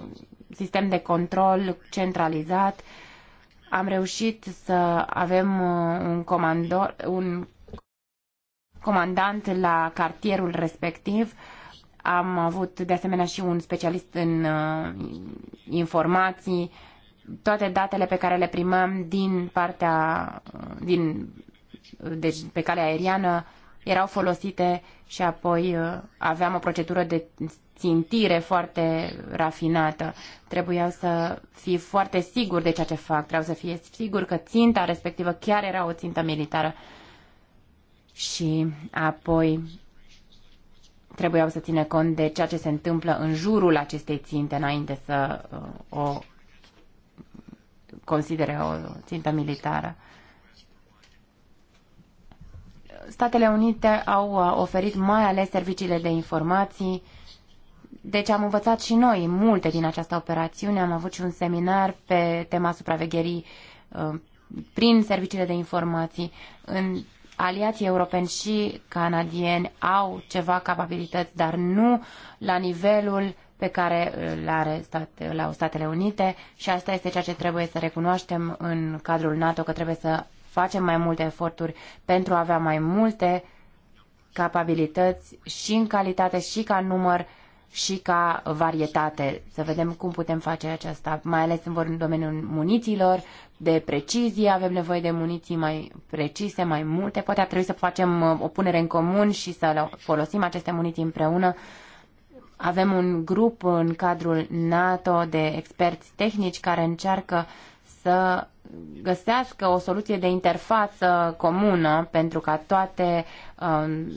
sistem de control centralizat. Am reușit să avem un comandor, un comandant la cartierul respectiv. Am avut de asemenea și un specialist în uh, informații. Toate datele pe care le primăm din partea, din, deci pe calea aeriană, erau folosite și apoi uh, aveam o procedură de țintire foarte rafinată. Trebuia să fii foarte sigur de ceea ce fac, Trebuia să fie sigur că ținta respectivă chiar era o țintă militară. Uh, și apoi trebuiau să ține cont de ceea ce se întâmplă în jurul acestei ținte înainte să uh, o considere o țintă militară. Statele Unite au uh, oferit mai ales serviciile de informații, deci am învățat și noi multe din această operațiune. Am avut și un seminar pe tema supravegherii uh, prin serviciile de informații în aliații europeni și canadieni au ceva capabilități, dar nu la nivelul pe care îl are state, la Statele Unite și asta este ceea ce trebuie să recunoaștem în cadrul NATO, că trebuie să facem mai multe eforturi pentru a avea mai multe capabilități și în calitate și ca număr și ca varietate. Să vedem cum putem face aceasta, mai ales în domeniul munițiilor, de precizie, avem nevoie de muniții mai precise, mai multe. Poate ar trebui să facem uh, o punere în comun și să folosim aceste muniții împreună. Avem un grup în cadrul NATO de experți tehnici care încearcă să găsească o soluție de interfață comună pentru ca toate um,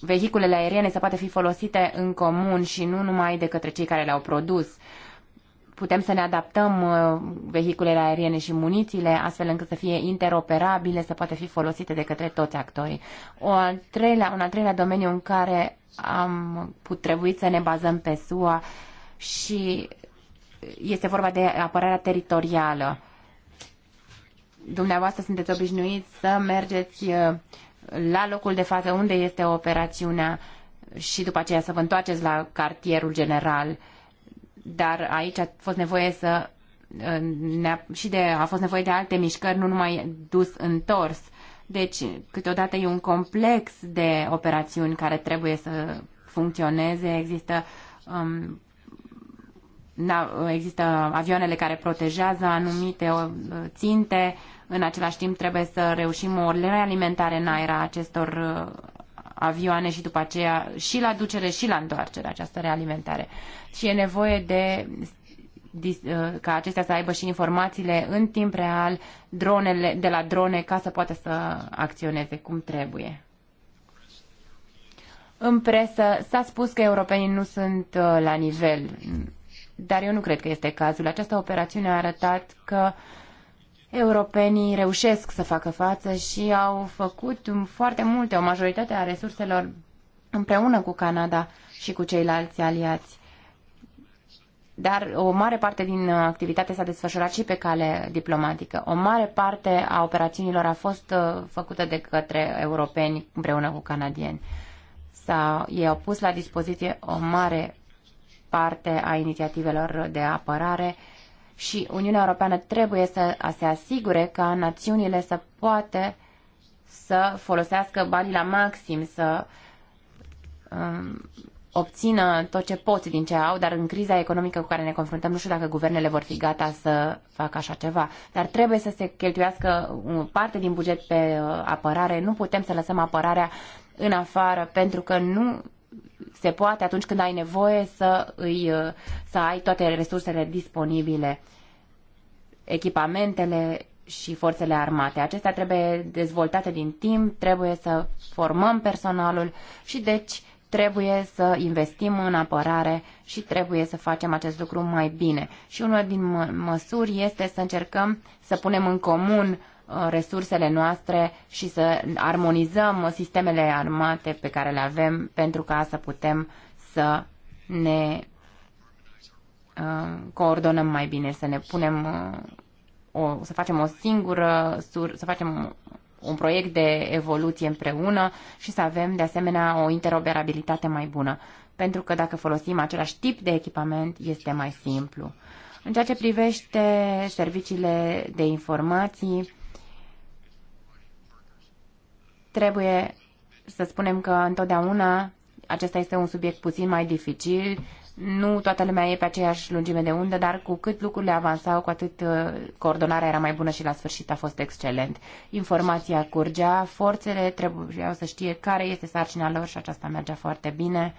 vehiculele aeriene să poată fi folosite în comun și nu numai de către cei care le-au produs. Putem să ne adaptăm uh, vehiculele aeriene și munițiile astfel încât să fie interoperabile, să poată fi folosite de către toți actorii. O al treilea, un al treilea domeniu în care am put, trebuit să ne bazăm pe SUA și este vorba de apărarea teritorială. Dumneavoastră sunteți obișnuiți să mergeți uh, la locul de față unde este operațiunea și după aceea să vă întoarceți la cartierul general. Dar aici a fost nevoie să uh, ne-a, și de, a fost nevoie de alte mișcări, nu numai dus întors. Deci, câteodată e un complex de operațiuni care trebuie să funcționeze. Există um, da, există avioanele care protejează anumite uh, ținte, în același timp trebuie să reușim o realimentare în aer a acestor uh, avioane și după aceea și la ducere și la întoarcere această realimentare. Și e nevoie de uh, ca acestea să aibă și informațiile în timp real dronele, de la drone ca să poată să acționeze cum trebuie. În presă s-a spus că europenii nu sunt la nivel dar eu nu cred că este cazul. Această operațiune a arătat că europenii reușesc să facă față și au făcut foarte multe, o majoritate a resurselor împreună cu Canada și cu ceilalți aliați. Dar o mare parte din activitate s-a desfășurat și pe cale diplomatică. O mare parte a operațiunilor a fost uh, făcută de către europeni împreună cu canadieni. s ei au pus la dispoziție o mare parte a inițiativelor de apărare și Uniunea Europeană trebuie să se asigure ca națiunile să poată să folosească banii la maxim, să um, obțină tot ce pot din ce au, dar în criza economică cu care ne confruntăm, nu știu dacă guvernele vor fi gata să facă așa ceva. Dar trebuie să se cheltuiască o parte din buget pe uh, apărare. Nu putem să lăsăm apărarea în afară, pentru că nu se poate atunci când ai nevoie să, îi, uh, să ai toate resursele disponibile, echipamentele și forțele armate. Acestea trebuie dezvoltate din timp, trebuie să formăm personalul și deci trebuie să investim în apărare și trebuie să facem acest lucru mai bine. Și una din măsuri este să încercăm să punem în comun uh, Uh, resursele noastre și să armonizăm sistemele armate pe care le avem pentru ca să putem să ne uh, coordonăm mai bine, să ne punem uh, o, să facem o singură, să facem un proiect de evoluție împreună și să avem de asemenea o interoperabilitate mai bună. Pentru că dacă folosim același tip de echipament, este mai simplu. În ceea ce privește serviciile de informații, Trebuie să spunem că întotdeauna acesta este un subiect puțin mai dificil, nu toată lumea e pe aceeași lungime de undă, dar cu cât lucrurile avansau, cu atât uh, coordonarea era mai bună și la sfârșit a fost excelent. Informația curgea, forțele trebuiau să știe care este sarcina lor și aceasta mergea foarte bine.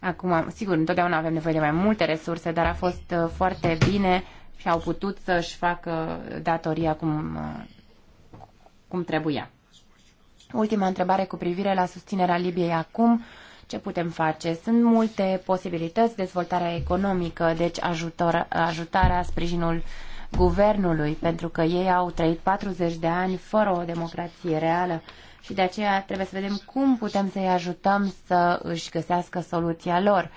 Acum, sigur, întotdeauna avem nevoie de mai multe resurse, dar a fost uh, foarte bine și au putut să-și facă datoria cum, uh, cum trebuia. Ultima întrebare cu privire la susținerea Libiei acum. Ce putem face? Sunt multe posibilități, dezvoltarea economică, deci ajutor, ajutarea, sprijinul guvernului, pentru că ei au trăit 40 de ani fără o democrație reală și de aceea trebuie să vedem cum putem să-i ajutăm să își găsească soluția lor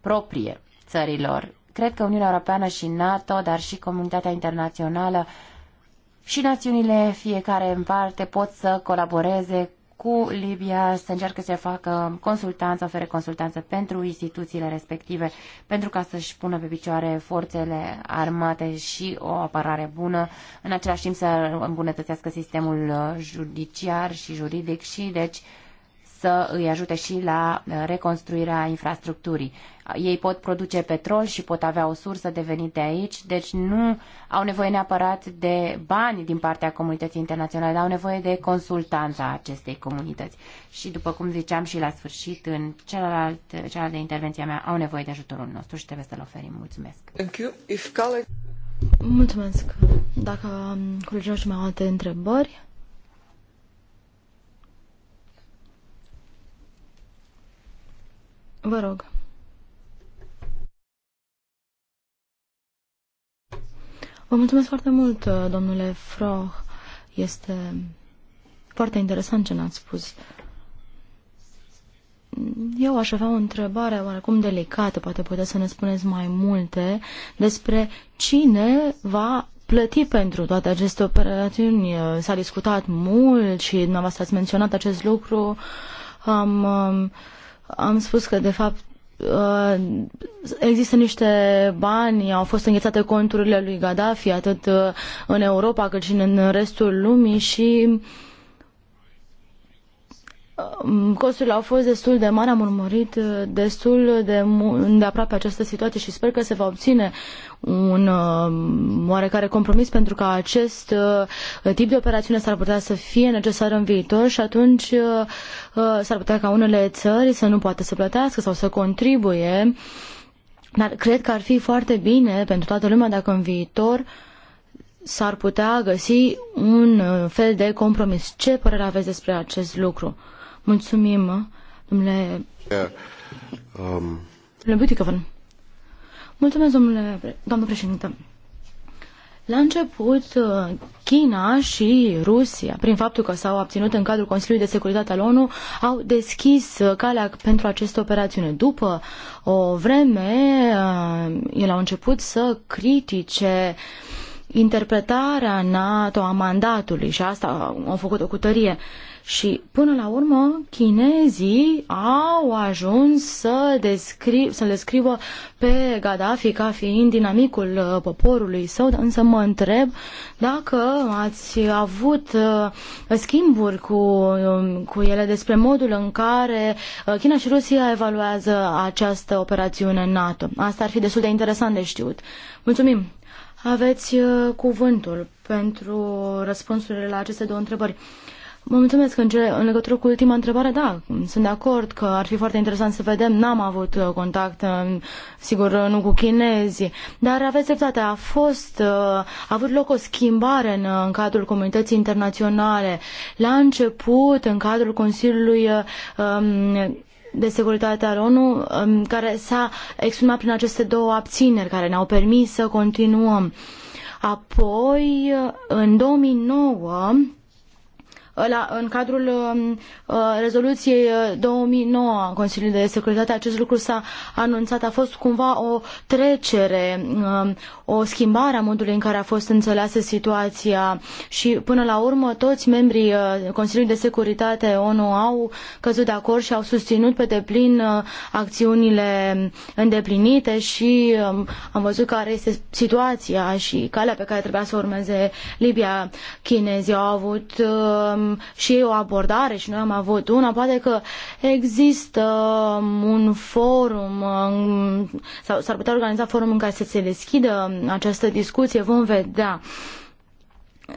proprie țărilor. Cred că Uniunea Europeană și NATO, dar și comunitatea internațională și națiunile fiecare în parte pot să colaboreze cu Libia, să încearcă să facă consultanță, ofere consultanță pentru instituțiile respective, pentru ca să-și pună pe picioare forțele armate și o apărare bună, în același timp să îmbunătățească sistemul uh, judiciar și juridic și, deci, să îi ajute și la uh, reconstruirea infrastructurii. Ei pot produce petrol și pot avea o sursă de venit de aici, deci nu au nevoie neapărat de bani din partea comunității internaționale, dar au nevoie de consultanța acestei comunități. Și după cum ziceam și la sfârșit, în celălalt, cealaltă intervenție mea, au nevoie de ajutorul nostru și trebuie să-l oferim. Mulțumesc! Thank you. If Mulțumesc! Dacă um, colegilor și mai au alte întrebări, Vă rog. Vă mulțumesc foarte mult, domnule Froh. Este foarte interesant ce ne-ați spus. Eu aș avea o întrebare oarecum delicată, poate puteți să ne spuneți mai multe despre cine va plăti pentru toate aceste operațiuni. S-a discutat mult și dumneavoastră ați menționat acest lucru. Am, um, am spus că de fapt uh, există niște bani, au fost înghețate conturile lui Gaddafi atât uh, în Europa cât și în restul lumii și uh, costurile au fost destul de mari, am urmărit uh, destul de, de aproape această situație și sper că se va obține un uh, oarecare compromis pentru că acest uh, tip de operațiune s-ar putea să fie necesar în viitor și atunci uh, uh, s-ar putea ca unele țări să nu poată să plătească sau să contribuie. Dar cred că ar fi foarte bine pentru toată lumea dacă în viitor s-ar putea găsi un uh, fel de compromis. Ce părere aveți despre acest lucru? Mulțumim, domnule... Um... Domnule Butikovan. Mulțumesc, domnule, doamnă președinte. La început, China și Rusia, prin faptul că s-au abținut în cadrul Consiliului de Securitate al ONU, au deschis calea pentru această operațiune. După o vreme, uh, el a început să critique uh, interpretarea NATO a mandatului și asta au făcut-o cu tărie. Și până la urmă, chinezii au ajuns să, descri- să descrivă pe Gaddafi ca fiind dinamicul uh, poporului său, însă mă întreb dacă ați avut uh, schimburi cu, um, cu ele despre modul în care uh, China și Rusia evaluează această operațiune NATO. Asta ar fi destul de interesant de știut. Mulțumim! Aveți uh, cuvântul pentru răspunsurile la aceste două întrebări. Mă mulțumesc în, cele, în legătură cu ultima întrebare, da, sunt de acord că ar fi foarte interesant să vedem, n-am avut uh, contact, uh, sigur, nu cu chinezii, dar aveți dreptate, a fost, a avut loc o schimbare în, în cadrul comunității internaționale. La început, în cadrul Consiliului um, de Securitate al ONU, um, care s-a exprimat prin aceste două abțineri care ne-au permis să continuăm. Apoi, în 2009, la, în cadrul um, uh, rezoluției 2009 uh, a Consiliului de Securitate, acest lucru s-a anunțat, a fost cumva o trecere, uh, o schimbare a modului în care a fost înțeleasă situația și până la urmă toți membrii uh, Consiliului de Securitate ONU au căzut de acord și au susținut pe deplin uh, acțiunile îndeplinite și um, am văzut care este situația și calea pe care trebuia să urmeze Libia. Chinezii au avut și ei o abordare și noi am avut una, poate că există um, un forum um, sau s-ar putea organiza forum în care să se deschidă această discuție, vom vedea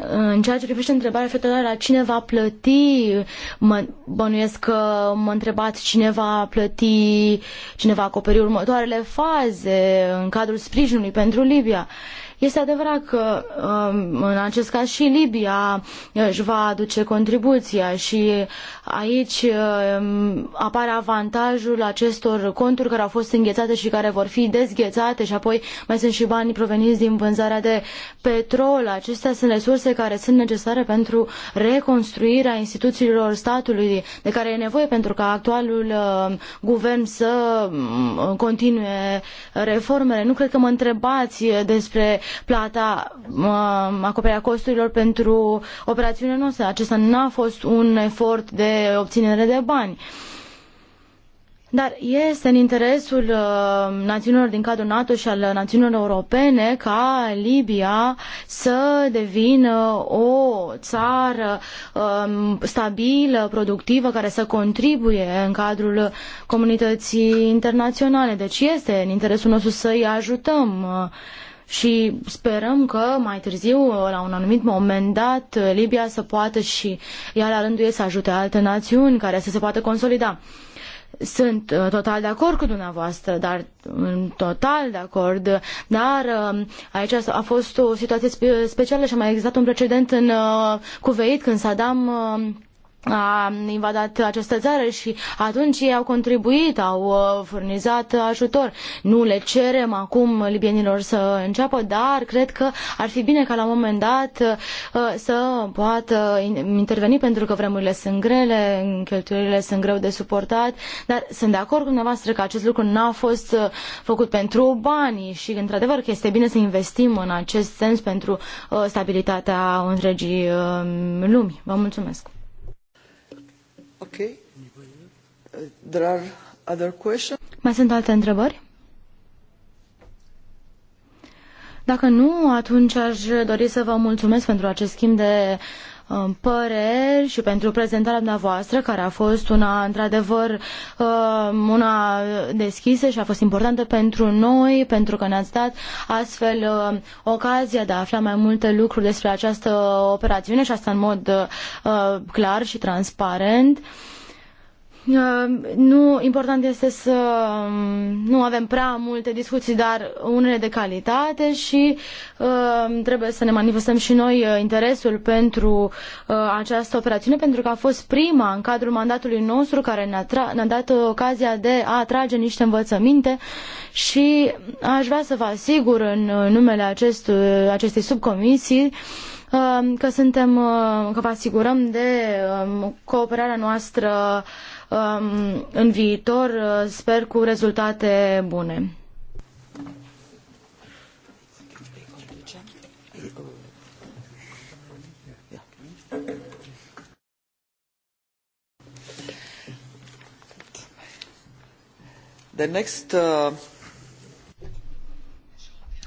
în ceea ce privește întrebarea fetelor, la cine va plăti, mă, bănuiesc că mă întrebați cine va plăti, cine va acoperi următoarele faze în cadrul sprijinului pentru Libia. Uh, este adevărat că um, în acest caz și Libia uh, își va aduce contribuția și aici um, apare avantajul acestor conturi care au fost înghețate și care vor fi dezghețate și apoi mai sunt și banii proveniți din vânzarea de petrol. Acestea sunt resurse care sunt necesare pentru reconstruirea instituțiilor statului de care e nevoie pentru ca actualul um, guvern să continue reformele. Nu cred că mă întrebați despre plata, acoperirea costurilor pentru operațiunile noastre. Acesta nu a fost un efort de obținere de bani. Dar este în interesul uh, națiunilor din cadrul NATO și al națiunilor europene ca Libia să devină o țară um, stabilă, productivă, care să contribuie în cadrul comunității internaționale. Deci este în interesul nostru să îi ajutăm. Uh, și sperăm că mai târziu, la un anumit moment dat, Libia să poată și ea la rândul ei să ajute alte națiuni care să se poată consolida. Sunt uh, total de acord cu dumneavoastră, dar mm, total de acord, dar um, aici a fost o situație specială și a mai existat un precedent în uh, Cuveit când Saddam um, a invadat această țară și atunci ei au contribuit, au uh, furnizat ajutor. Nu le cerem acum libienilor să înceapă, dar cred că ar fi bine ca la un moment dat uh, să poată interveni pentru că vremurile sunt grele, cheltuielile sunt greu de suportat, dar sunt de acord cu dumneavoastră că acest lucru n-a fost uh, făcut pentru bani și într-adevăr că este bine să investim în acest sens pentru stabilitatea întregii lumi. Vă mulțumesc! Uh, Mai sunt alte întrebări? Dacă nu, atunci aș dori să vă mulțumesc pentru acest schimb de Um, păreri și pentru prezentarea dumneavoastră, care a fost una, într-adevăr, um, una deschisă și a fost importantă pentru noi, pentru că ne-ați dat astfel um, ocazia de a afla mai multe lucruri despre această operațiune și asta în mod uh, clar și transparent. Uh, Uh, nu, important este să um, nu avem prea multe discuții, dar unele de calitate și um, trebuie să ne manifestăm și noi uh, interesul pentru uh, această operațiune, pentru că a fost prima în cadrul mandatului nostru care ne-a, ne dat ocazia de a atrage niște învățăminte și aș vrea să vă asigur în numele acestui, acestei subcomisii um, că suntem, că vă asigurăm de cooperarea noastră Um, în viitor, uh, sper cu rezultate bune. The next, uh...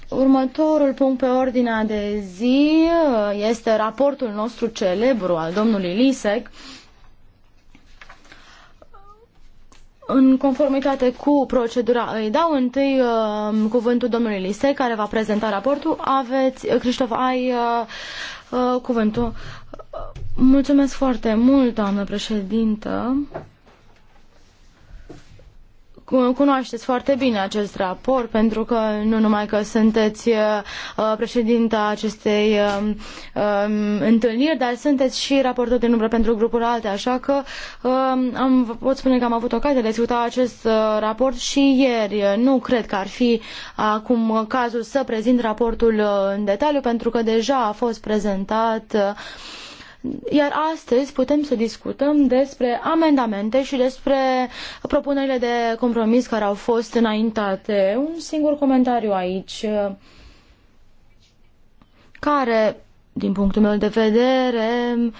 Următorul punct pe ordinea de zi uh, este raportul nostru celebru al domnului Lisek În conformitate cu procedura, îi dau întâi uh, cuvântul domnului Lisei, care va prezenta raportul. Aveți, uh, Cristof, ai uh, uh, cuvântul. Mulțumesc foarte mult, doamnă președintă cunoașteți foarte bine acest raport, pentru că nu numai că sunteți uh, președinta acestei uh, um, întâlniri, dar sunteți și raportor de număr pentru grupul alte, așa că um, am, pot spune că am avut ocazia de a discuta acest uh, raport și ieri. Nu cred că ar fi acum cazul să prezint raportul în detaliu, pentru că deja a fost prezentat uh, iar astăzi putem să discutăm despre amendamente și despre propunerile de compromis care au fost înaintate. Un singur comentariu aici care, din punctul meu de vedere, uh,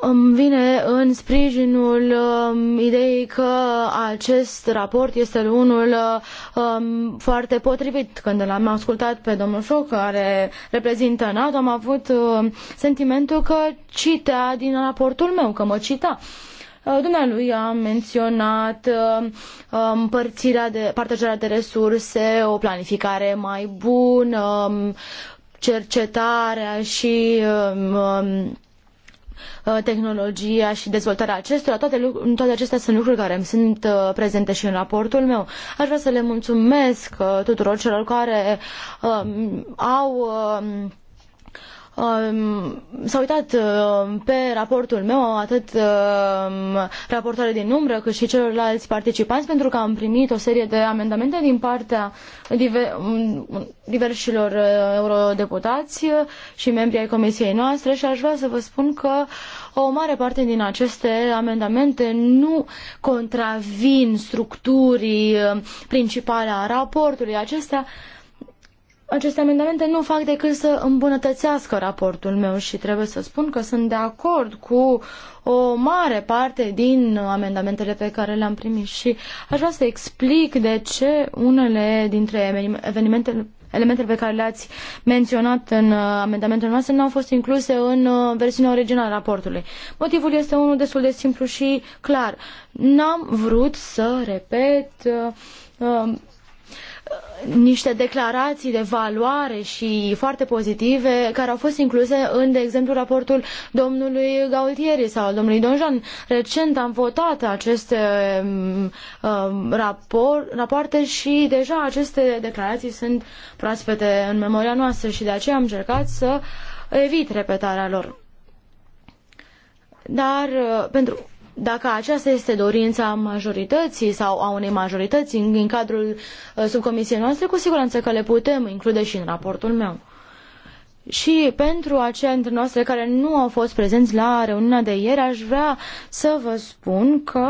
îmi vine în sprijinul um, ideii că acest raport este unul um, foarte potrivit. Când l-am ascultat pe domnul Șoc, care reprezintă NATO, am avut um, sentimentul că citea din raportul meu, că mă cita. Uh, dumnealui a menționat uh, împărțirea de, partajarea de resurse, o planificare mai bună, um, cercetarea și um, Uh, tehnologia și dezvoltarea acestora, toate, toate acestea sunt lucruri care îmi sunt uh, prezente și în raportul meu. Aș vrea să le mulțumesc uh, tuturor celor care um, au um, Um, s au uitat um, pe raportul meu, atât um, raportoare din umbră, cât și celorlalți participanți, pentru că am primit o serie de amendamente din partea diver, um, diversilor uh, eurodeputați și membrii ai comisiei noastre și aș vrea să vă spun că o mare parte din aceste amendamente nu contravin structurii uh, principale a raportului. Acestea uh, aceste amendamente nu fac decât să îmbunătățească raportul meu și trebuie să spun că sunt de acord cu o mare parte din amendamentele pe care le-am primit și aș vrea să explic de ce unele dintre evenimentele elementele pe care le-ați menționat în uh, amendamentele noastre nu au fost incluse în uh, versiunea originală a raportului. Motivul este unul destul de simplu și clar. N-am vrut să repet uh, uh niște declarații de valoare și foarte pozitive care au fost incluse în, de exemplu, raportul domnului Gaultieri sau domnului Donjan. Recent am votat aceste um, um rapor, rapoarte și deja aceste declarații sunt proaspete în memoria noastră și de aceea am încercat să evit repetarea lor. Dar uh, pentru dacă aceasta este dorința majorității sau a unei majorități în, în cadrul uh, subcomisiei noastre, cu siguranță că le putem include și în raportul meu. Și pentru aceia dintre noastre care nu au fost prezenți la reuniunea de ieri, aș vrea să vă spun că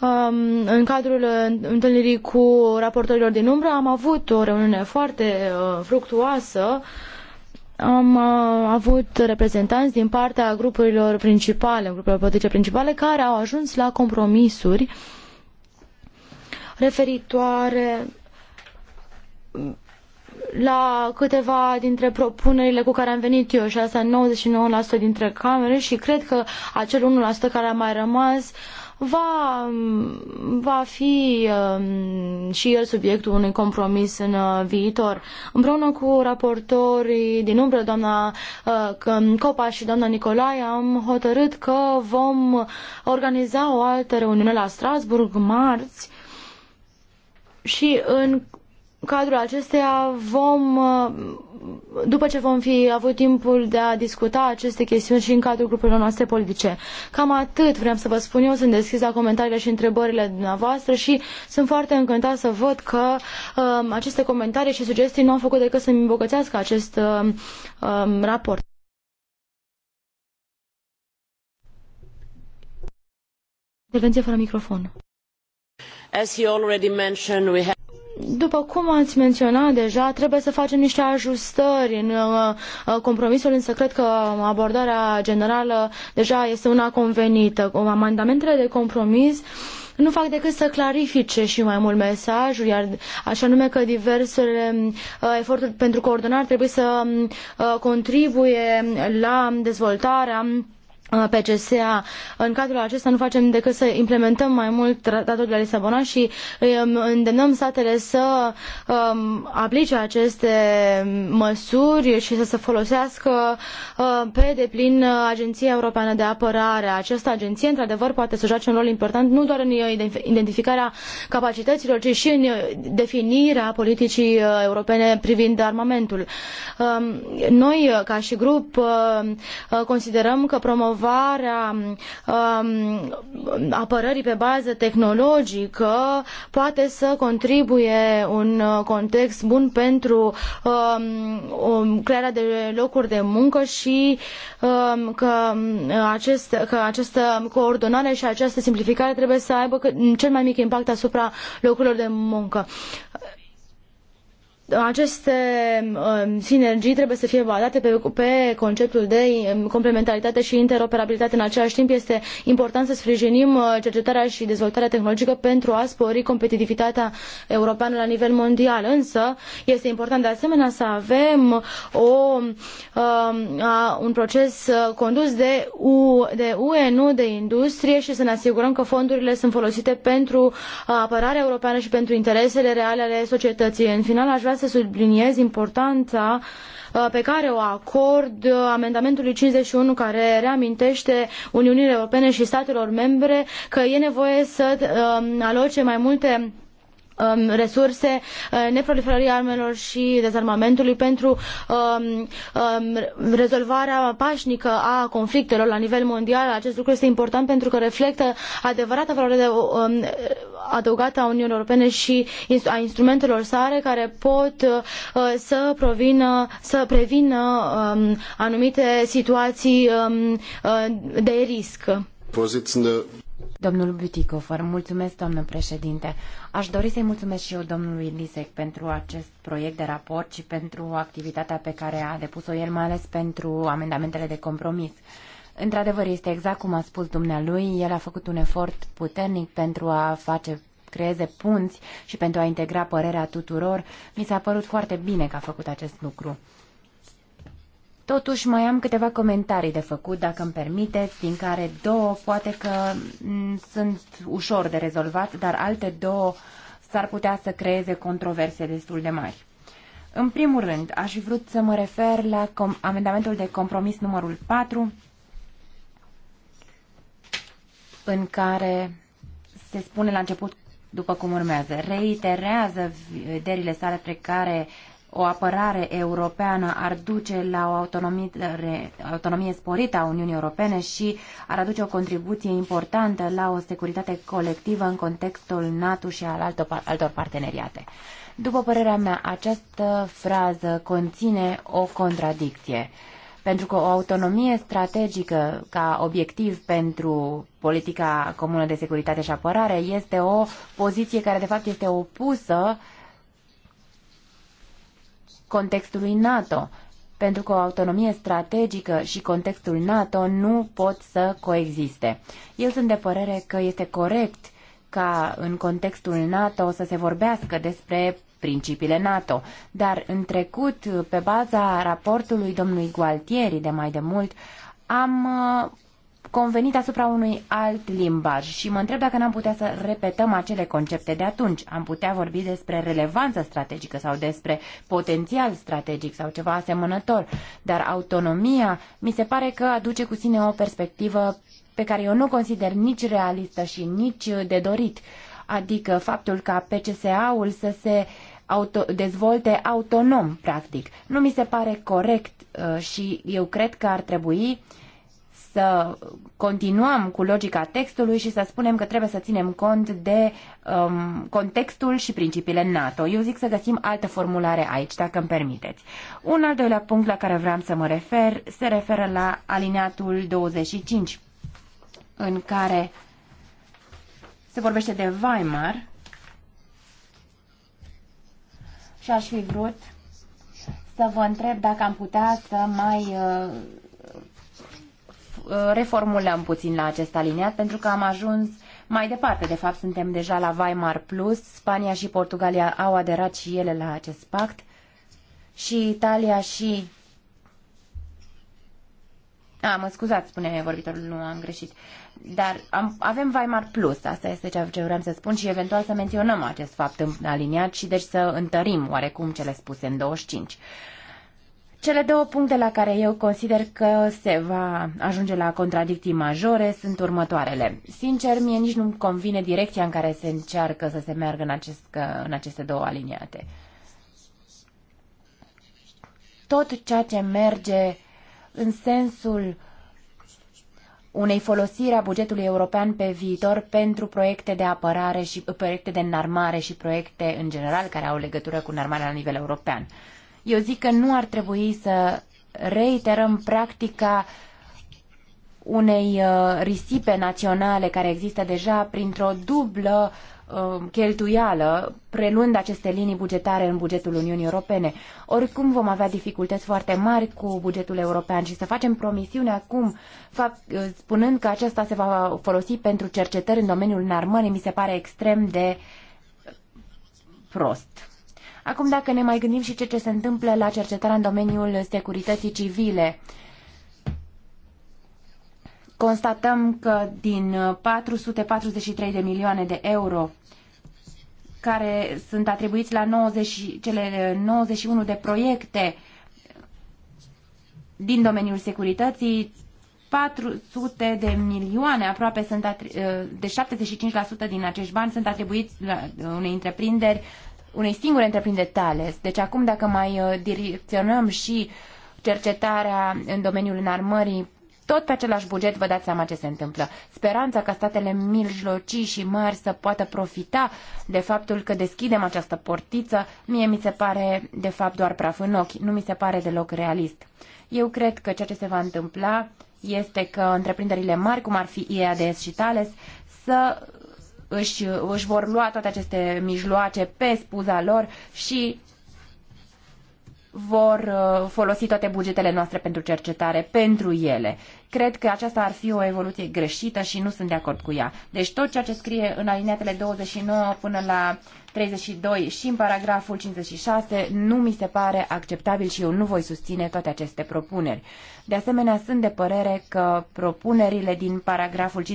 um, în cadrul întâlnirii cu raportorilor din umbră am avut o reuniune foarte uh, fructuoasă uh, am uh, avut reprezentanți din partea grupurilor principale, grupurilor politice principale, care au ajuns la compromisuri referitoare mm, la câteva dintre propunerile cu care am venit eu și asta 99% dintre camere și cred că acel 1% care a mai rămas uh, va, va fi um, și el subiectul unui compromis în uh, viitor. Împreună cu raportorii din umbră, doamna uh, um, Copa și doamna Nicolae, am hotărât că vom organiza o altă reuniune la Strasburg marți și în cadrul acesteia vom, uh, după ce vom fi avut timpul de a discuta aceste chestiuni și în cadrul grupurilor noastre politice. Cam atât vreau să vă spun eu, sunt deschis la comentariile și întrebările dumneavoastră și sunt foarte încântat să văd că um, aceste comentarii și sugestii nu au făcut decât să-mi îmbogățească acest um, um raport. Intervenție fără microfon. As you already mentioned, we have după cum ați menționat deja, trebuie să facem niște ajustări în uh, uh, compromisul, însă cred că abordarea generală deja este una convenită. Amendamentele de compromis nu fac decât să clarifice și mai mult mesajul, iar așa nume că diversele uh, eforturi pentru coordonare trebuie să uh, contribuie la dezvoltarea Uh, PCSA. În cadrul acesta nu facem decât să implementăm mai mult tratatul de la Lisabona și um, îndemnăm statele să um, aplice aceste măsuri și să se folosească uh, pe deplin Agenția Europeană de Apărare. Această agenție, într-adevăr, poate să joace un rol important nu doar în identificarea capacităților, ci și în definirea politicii uh, europene privind armamentul. Um, noi, ca și grup, uh, considerăm că promovăm promovarea um, apărării pe bază tehnologică poate să contribuie un uh, context bun pentru um, crearea de locuri de muncă și um, că, uh, acest, că această coordonare și această simplificare trebuie să aibă cel mai mic impact asupra locurilor de muncă aceste um, sinergii trebuie să fie bazate pe, pe conceptul de um, complementaritate și interoperabilitate. În același timp este important să sprijinim uh, cercetarea și dezvoltarea tehnologică pentru a spori competitivitatea europeană la nivel mondial. Însă este important de asemenea să avem o, um, un proces uh, condus de, U, de UE, nu de industrie și să ne asigurăm că fondurile sunt folosite pentru uh, apărarea europeană și pentru interesele reale ale societății. În final aș vrea vrea să subliniez importanța uh, pe care o acord uh, amendamentului 51 care reamintește Uniunii Europene și statelor membre că e nevoie să uh, aloce mai multe Um, resurse, uh, neproliferării armelor și dezarmamentului pentru um, um, rezolvarea pașnică a conflictelor la nivel mondial. Acest lucru este important pentru că reflectă adevărata valoare de, um, adăugată a Uniunii Europene și a instrumentelor sale care pot uh, să provină, să prevină um, anumite situații um, uh, de risc. Vorsitzende. Domnul Butikofer, mulțumesc, doamnă președinte. Aș dori să-i mulțumesc și eu domnului Lisek pentru acest proiect de raport și pentru activitatea pe care a depus-o el, mai ales pentru amendamentele de compromis. Într-adevăr, este exact cum a spus dumnealui, el a făcut un efort puternic pentru a face creeze punți și pentru a integra părerea tuturor. Mi s-a părut foarte bine că a făcut acest lucru. Totuși mai am câteva comentarii de făcut, dacă îmi permiteți, din care două poate că mm, sunt ușor de rezolvat, dar alte două s-ar putea să creeze controverse destul de mari. În primul rând, aș fi vrut să mă refer la amendamentul de compromis numărul 4, în care se spune la început după cum urmează. Reiterează derile sale precare o apărare europeană ar duce la o autonomie, autonomie sporită a Uniunii Europene și ar aduce o contribuție importantă la o securitate colectivă în contextul NATO și al altor, altor parteneriate. După părerea mea, această frază conține o contradicție pentru că o autonomie strategică ca obiectiv pentru politica comună de securitate și apărare este o poziție care de fapt este opusă contextului NATO, pentru că o autonomie strategică și contextul NATO nu pot să coexiste. Eu sunt de părere că este corect ca în contextul NATO să se vorbească despre principiile NATO, dar în trecut, pe baza raportului domnului Gualtieri de mai de mult, am convenit asupra unui alt limbaj și mă întreb dacă n-am putea să repetăm acele concepte de atunci. Am putea vorbi despre relevanță strategică sau despre potențial strategic sau ceva asemănător, dar autonomia mi se pare că aduce cu sine o perspectivă pe care eu nu consider nici realistă și nici de dorit, adică faptul ca PCSA-ul să se auto, dezvolte autonom, practic. Nu mi se pare corect uh, și eu cred că ar trebui uh, să continuăm cu logica textului și să spunem că trebuie să ținem cont de um, contextul și principiile NATO. Eu zic să găsim altă formulare aici, dacă îmi permiteți. Un al doilea punct la care vreau să mă refer se referă la alineatul 25, în care se vorbește de Weimar și aș fi vrut să vă întreb dacă am putea să mai uh, Uh, reformulăm puțin la acest aliniat pentru că am ajuns mai departe. De fapt, suntem deja la Weimar Plus. Spania și Portugalia au aderat și ele la acest pact și Italia și... A, ah, mă scuzați, spune vorbitorul, nu am greșit. Dar am, avem Weimar Plus, asta este ceea ce vreau să spun și eventual să menționăm acest fapt în aliniat și deci să întărim oarecum cele spuse în 25. Cele două puncte la care eu consider că se va ajunge la contradicții majore sunt următoarele. Sincer, mie nici nu-mi convine direcția în care se încearcă să se meargă în, acest, în aceste două aliniate. Tot ceea ce merge în sensul unei folosiri a bugetului european pe viitor pentru proiecte de apărare și proiecte de înarmare și proiecte în general care au legătură cu înarmarea la nivel european. Uh, eu zic că nu ar trebui să reiterăm practica unei uh, risipe naționale care există deja printr-o dublă uh, cheltuială, preluând aceste linii bugetare în bugetul Uniunii Europene. Oricum vom avea dificultăți foarte mari cu bugetul european și să facem promisiune acum, fapt, uh, spunând că acesta se va folosi pentru cercetări în domeniul înarmării, mi se pare extrem de prost. Acum, dacă ne mai gândim și ce, ce se întâmplă la cercetarea în domeniul securității civile, constatăm că din 443 de milioane de euro care sunt atribuiți la 90, cele 91 de proiecte din domeniul securității, 400 de milioane aproape sunt de 75% din acești bani sunt atribuiți unei întreprinderi unei singure întreprinderi Thales. Deci acum dacă mai uh, direcționăm și cercetarea în domeniul înarmării tot pe același buget vă dați seama ce se întâmplă. Speranța ca statele mijlocii și mari să poată profita de faptul că deschidem această portiță, mie mi se pare de fapt doar praf în ochi, nu mi se pare deloc realist. Eu cred că ceea ce se va întâmpla este că întreprinderile mari, cum ar fi IADS și Thales, să își, își vor lua toate aceste mijloace pe spuza lor și vor uh, folosi toate bugetele noastre pentru cercetare, pentru ele. Cred că aceasta ar fi o evoluție greșită și nu sunt de acord cu ea. Deci tot ceea ce scrie în alineatele 29 până la 32 și în paragraful 56 nu mi se pare acceptabil și eu nu voi susține toate aceste propuneri. De asemenea, sunt de părere că propunerile din paragraful 57-58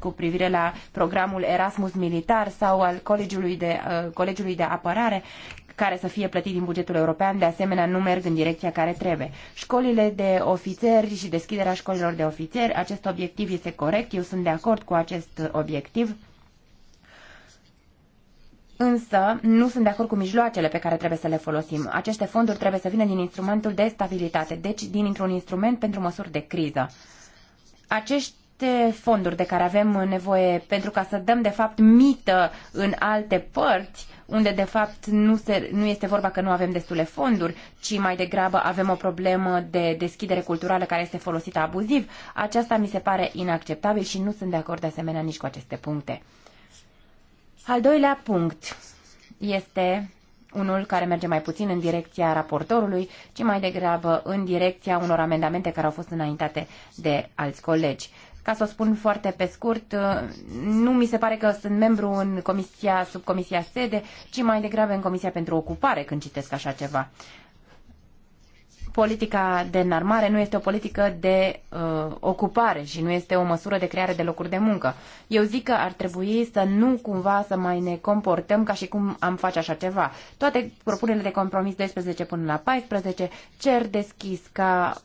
cu privire la programul Erasmus Militar sau al Colegiului de, uh, Colegiului de Apărare care să fie plătit din bugetul european, de asemenea nu merg în direcția care trebuie. Școlile de ofițeri și deschiderea școlilor de ofițeri, acest obiectiv este corect, eu sunt de acord cu acest obiectiv. Însă, nu sunt de acord cu mijloacele pe care trebuie să le folosim. Aceste fonduri trebuie să vină din instrumentul de stabilitate, deci dintr-un instrument pentru măsuri de criză. Acești aceste fonduri de care avem nevoie pentru ca să dăm, de fapt, mită în alte părți, unde de fapt nu, se, nu este vorba că nu avem destule fonduri, ci mai degrabă avem o problemă de deschidere culturală care este folosită abuziv, aceasta mi se pare inacceptabil și nu sunt de acord de asemenea nici cu aceste puncte. Al doilea punct este unul care merge mai puțin în direcția raportorului, ci mai degrabă în direcția unor amendamente care au fost înaintate de alți colegi. Ca să o spun foarte pe scurt, uh, nu mi se pare că sunt membru în comisia, sub comisia sede, ci mai degrabă în comisia pentru ocupare când citesc așa ceva. Politica de înarmare nu este o politică de uh, ocupare și nu este o măsură de creare de locuri de muncă. Eu zic că ar trebui să nu cumva să mai ne comportăm ca și cum am face așa ceva. Toate propunerile de compromis 12 până la 14 cer deschis ca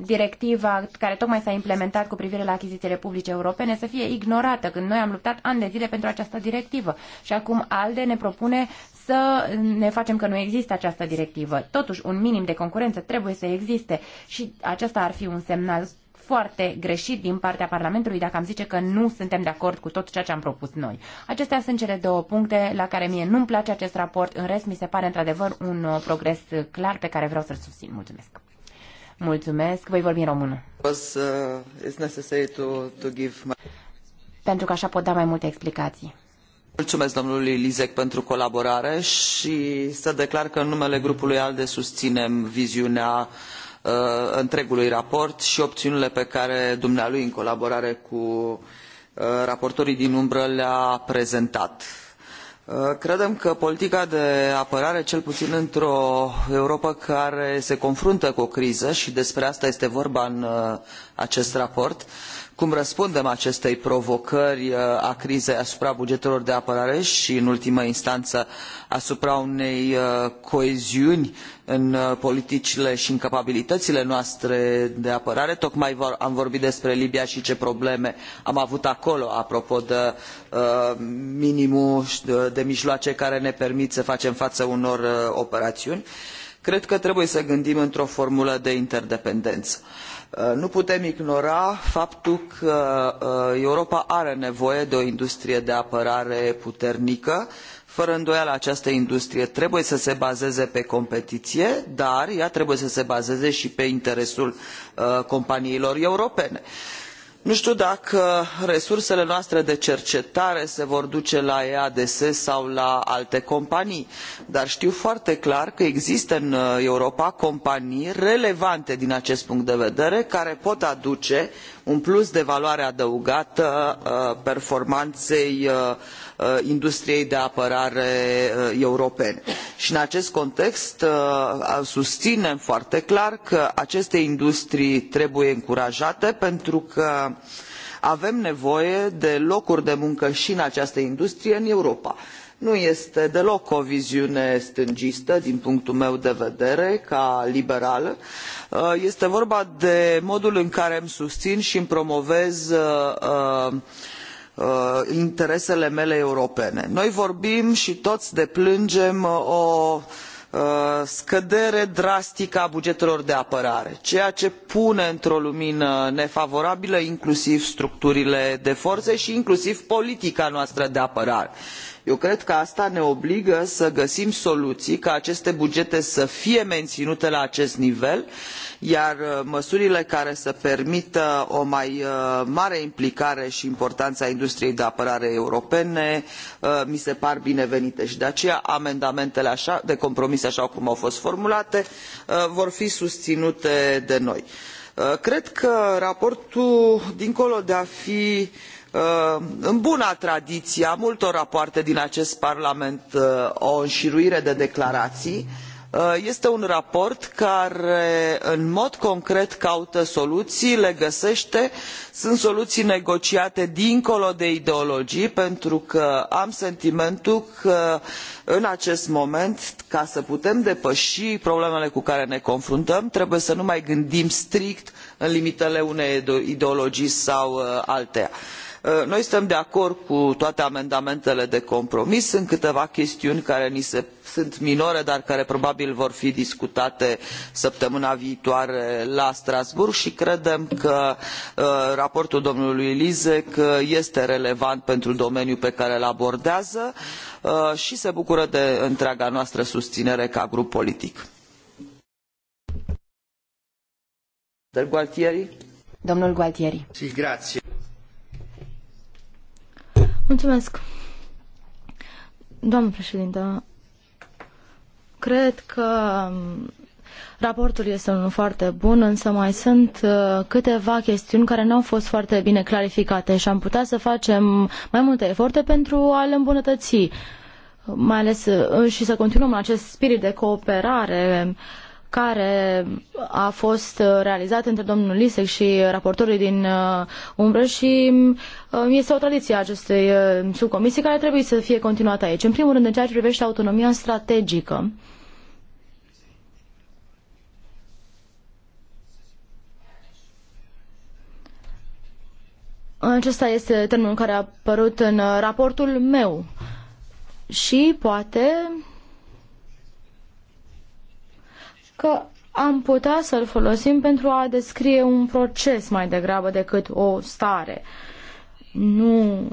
directiva care tocmai s-a implementat cu privire la achizițiile publice europene să fie ignorată, când noi am luptat ani de zile pentru această directivă. Și acum ALDE ne propune să ne facem că nu există această directivă. Totuși, un minim de concurență trebuie să existe și acesta ar fi un semnal foarte greșit din partea Parlamentului dacă am zice că nu suntem de acord cu tot ceea ce am propus noi. Acestea sunt cele două puncte la care mie nu-mi place acest raport. În rest, mi se pare într-adevăr un uh, progres uh, clar pe care vreau să-l susțin. Mulțumesc! Mulțumesc, voi vorbi în română. Pentru că așa pot da mai multe explicații. Mulțumesc domnului Lizec pentru colaborare și să declar că în numele grupului ALDE susținem viziunea uh, întregului raport și opțiunile pe care dumnealui în colaborare cu uh, raportorii din umbră le-a prezentat Uh, credem că politica de apărare, cel puțin într-o Europa care se confruntă cu o criză, și despre asta este vorba în uh, acest raport, cum răspundem acestei provocări uh, a crizei asupra bugetelor de apărare și, în ultimă instanță, asupra unei coeziuni în politicile și în capabilitățile noastre de apărare. Tocmai am vorbit despre Libia și ce probleme am avut acolo, apropo de minimul de mijloace care ne permit să facem față unor uh, operațiuni cred că trebuie să gândim într o formulă de interdependență. Uh, nu putem ignora faptul că uh, europa are nevoie de o industrie de apărare puternică fără îndoială această industrie trebuie să se bazeze pe competiție dar ea trebuie să se bazeze și pe interesul companiilor europene nu tiu dacă resursele noastre de cercetare se vor duce la eads sau la alte companii dar tiu foarte clar că există în uh, europa companii relevante din acest punct de vedere care pot aduce un plus de valoare adăugată uh, performanei uh, Uh, industriei de apărare uh, europene. Și în acest context uh, susținem foarte clar că aceste industrii trebuie încurajate pentru că avem nevoie de locuri de muncă și în această industrie în Europa. Nu este deloc o viziune stângistă din punctul meu de vedere ca liberal. Este vorba de modul în care îmi susțin și îmi promovez uh, Uh, interesele mele europene. Noi vorbim și toți deplângem uh, o uh, scădere drastică a bugetelor de apărare ceea ce pune într o lumină nefavorabilă inclusiv structurile de forțe și inclusiv politica noastră de apărare eu cred că asta ne obligă să găsim soluii ca aceste bugete să fie meninute la acest nivel iar uh, măsurile care să permită o mai uh, mare implicare i importană a industriei de apărare europene uh, mi se par binevenite i de aceea amendamentele de compromis aa cum au fost formulate vor fi susinute de noi. cred că raportul dincolo de a fi Uh, în buna tradiie a multor rapoarte din acest parlament uh, o înirare de declaraii uh, este un raport care în mod concret caută soluii le găsete sunt soluii negociate dincolo de ideologii pentru că am sentimentul că în acest moment ca să putem depăi problemele cu care ne confruntăm trebuie să nu mai gândim strict în limitele unei ideologii sau alteia. Uh, noi suntem de acord cu toate amendamentele de compromis sunt câteva chestiuni care ni se, sunt minore dar care probabil vor fi discutate săptămâna viitoare la strasbourg i credem că uh, raportul domnului lisek uh, este relevant pentru domeniul pe care îl abordează i se bucură de întreaga noastră susinere ca grup politic. Gualtieri. Domnul Gualtieri. Mulțumesc. Doamnă președintă, cred că um, Raportul este unul foarte bun, însă mai sunt uh, câteva chestiuni care nu au fost foarte bine clarificate și am putea să facem mai multe eforte pentru a le îmbunătăți, mai ales uh, și să continuăm acest spirit de cooperare uh, care a fost uh, realizat între domnul Lisec și raportorii din uh, umbră și uh, este o tradiție a acestei subcomisii care trebuie să fie continuată aici. În primul rând, în ceea ce privește autonomia strategică, Acesta este termenul care a apărut în raportul meu și poate că am putea să-l folosim pentru a descrie un proces mai degrabă decât o stare. Nu,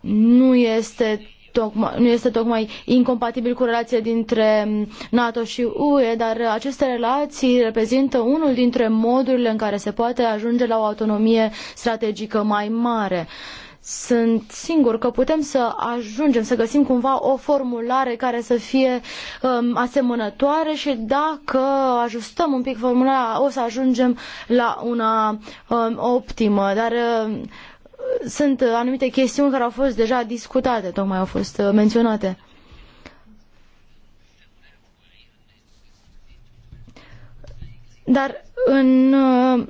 nu este tocmai, nu este tocmai incompatibil cu relația dintre NATO și UE, dar aceste relații reprezintă unul dintre modurile în care se poate ajunge la o autonomie strategică mai mare. Uh, sunt singur că putem să ajungem să găsim cumva o formulare care să fie um, asemănătoare și dacă ajustăm un pic formularea o să ajungem la una um, optimă. Dar um, sunt anumite chestiuni care au fost deja discutate, tocmai au fost uh, menționate. Dar în uh,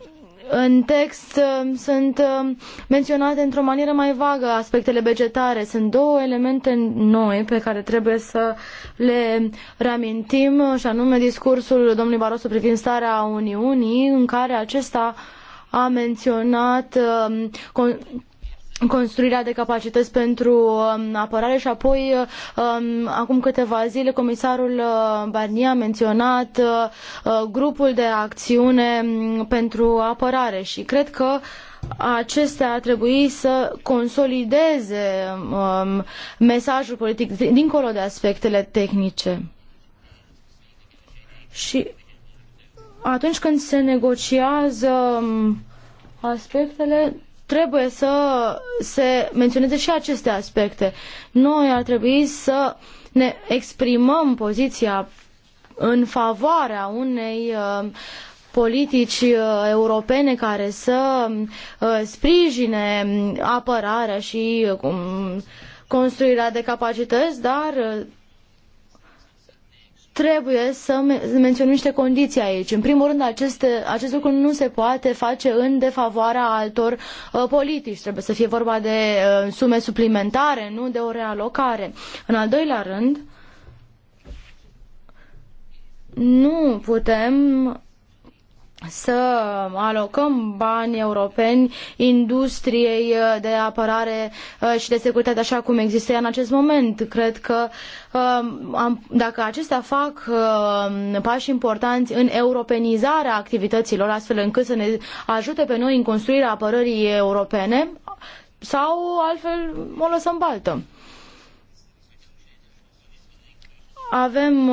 în text um, sunt um, menționate într-o manieră mai vagă aspectele vegetare. Sunt două elemente noi pe care trebuie să le reamintim, și anume discursul domnului Barroso privind starea Uniunii, în care acesta a menționat um, construirea de capacități pentru um, apărare și apoi um, acum câteva zile comisarul uh, Barnier a menționat uh, uh, grupul de acțiune um, pentru apărare și cred că acestea ar trebui să consolideze mesajul politic dincolo de aspectele tehnice. Și atunci când se negociază aspectele trebuie să se menționeze și aceste aspecte. Noi ar trebui să ne exprimăm poziția în favoarea unei uh, politici uh, europene care să uh, sprijine apărarea și construirea de capacități, dar trebuie să menționăm niște condiții aici. În primul rând, aceste, acest lucru nu se poate face în defavoarea altor uh, politici. Trebuie să fie vorba de uh, sume suplimentare, nu de o realocare. În al doilea rând, nu putem să alocăm bani europeni industriei de apărare uh, și de securitate așa cum există în acest moment. Cred că uh, dacă acestea fac uh, pași importanți în europenizarea activităților astfel încât să ne ajute pe noi în construirea apărării europene sau altfel o lăsăm baltă. Avem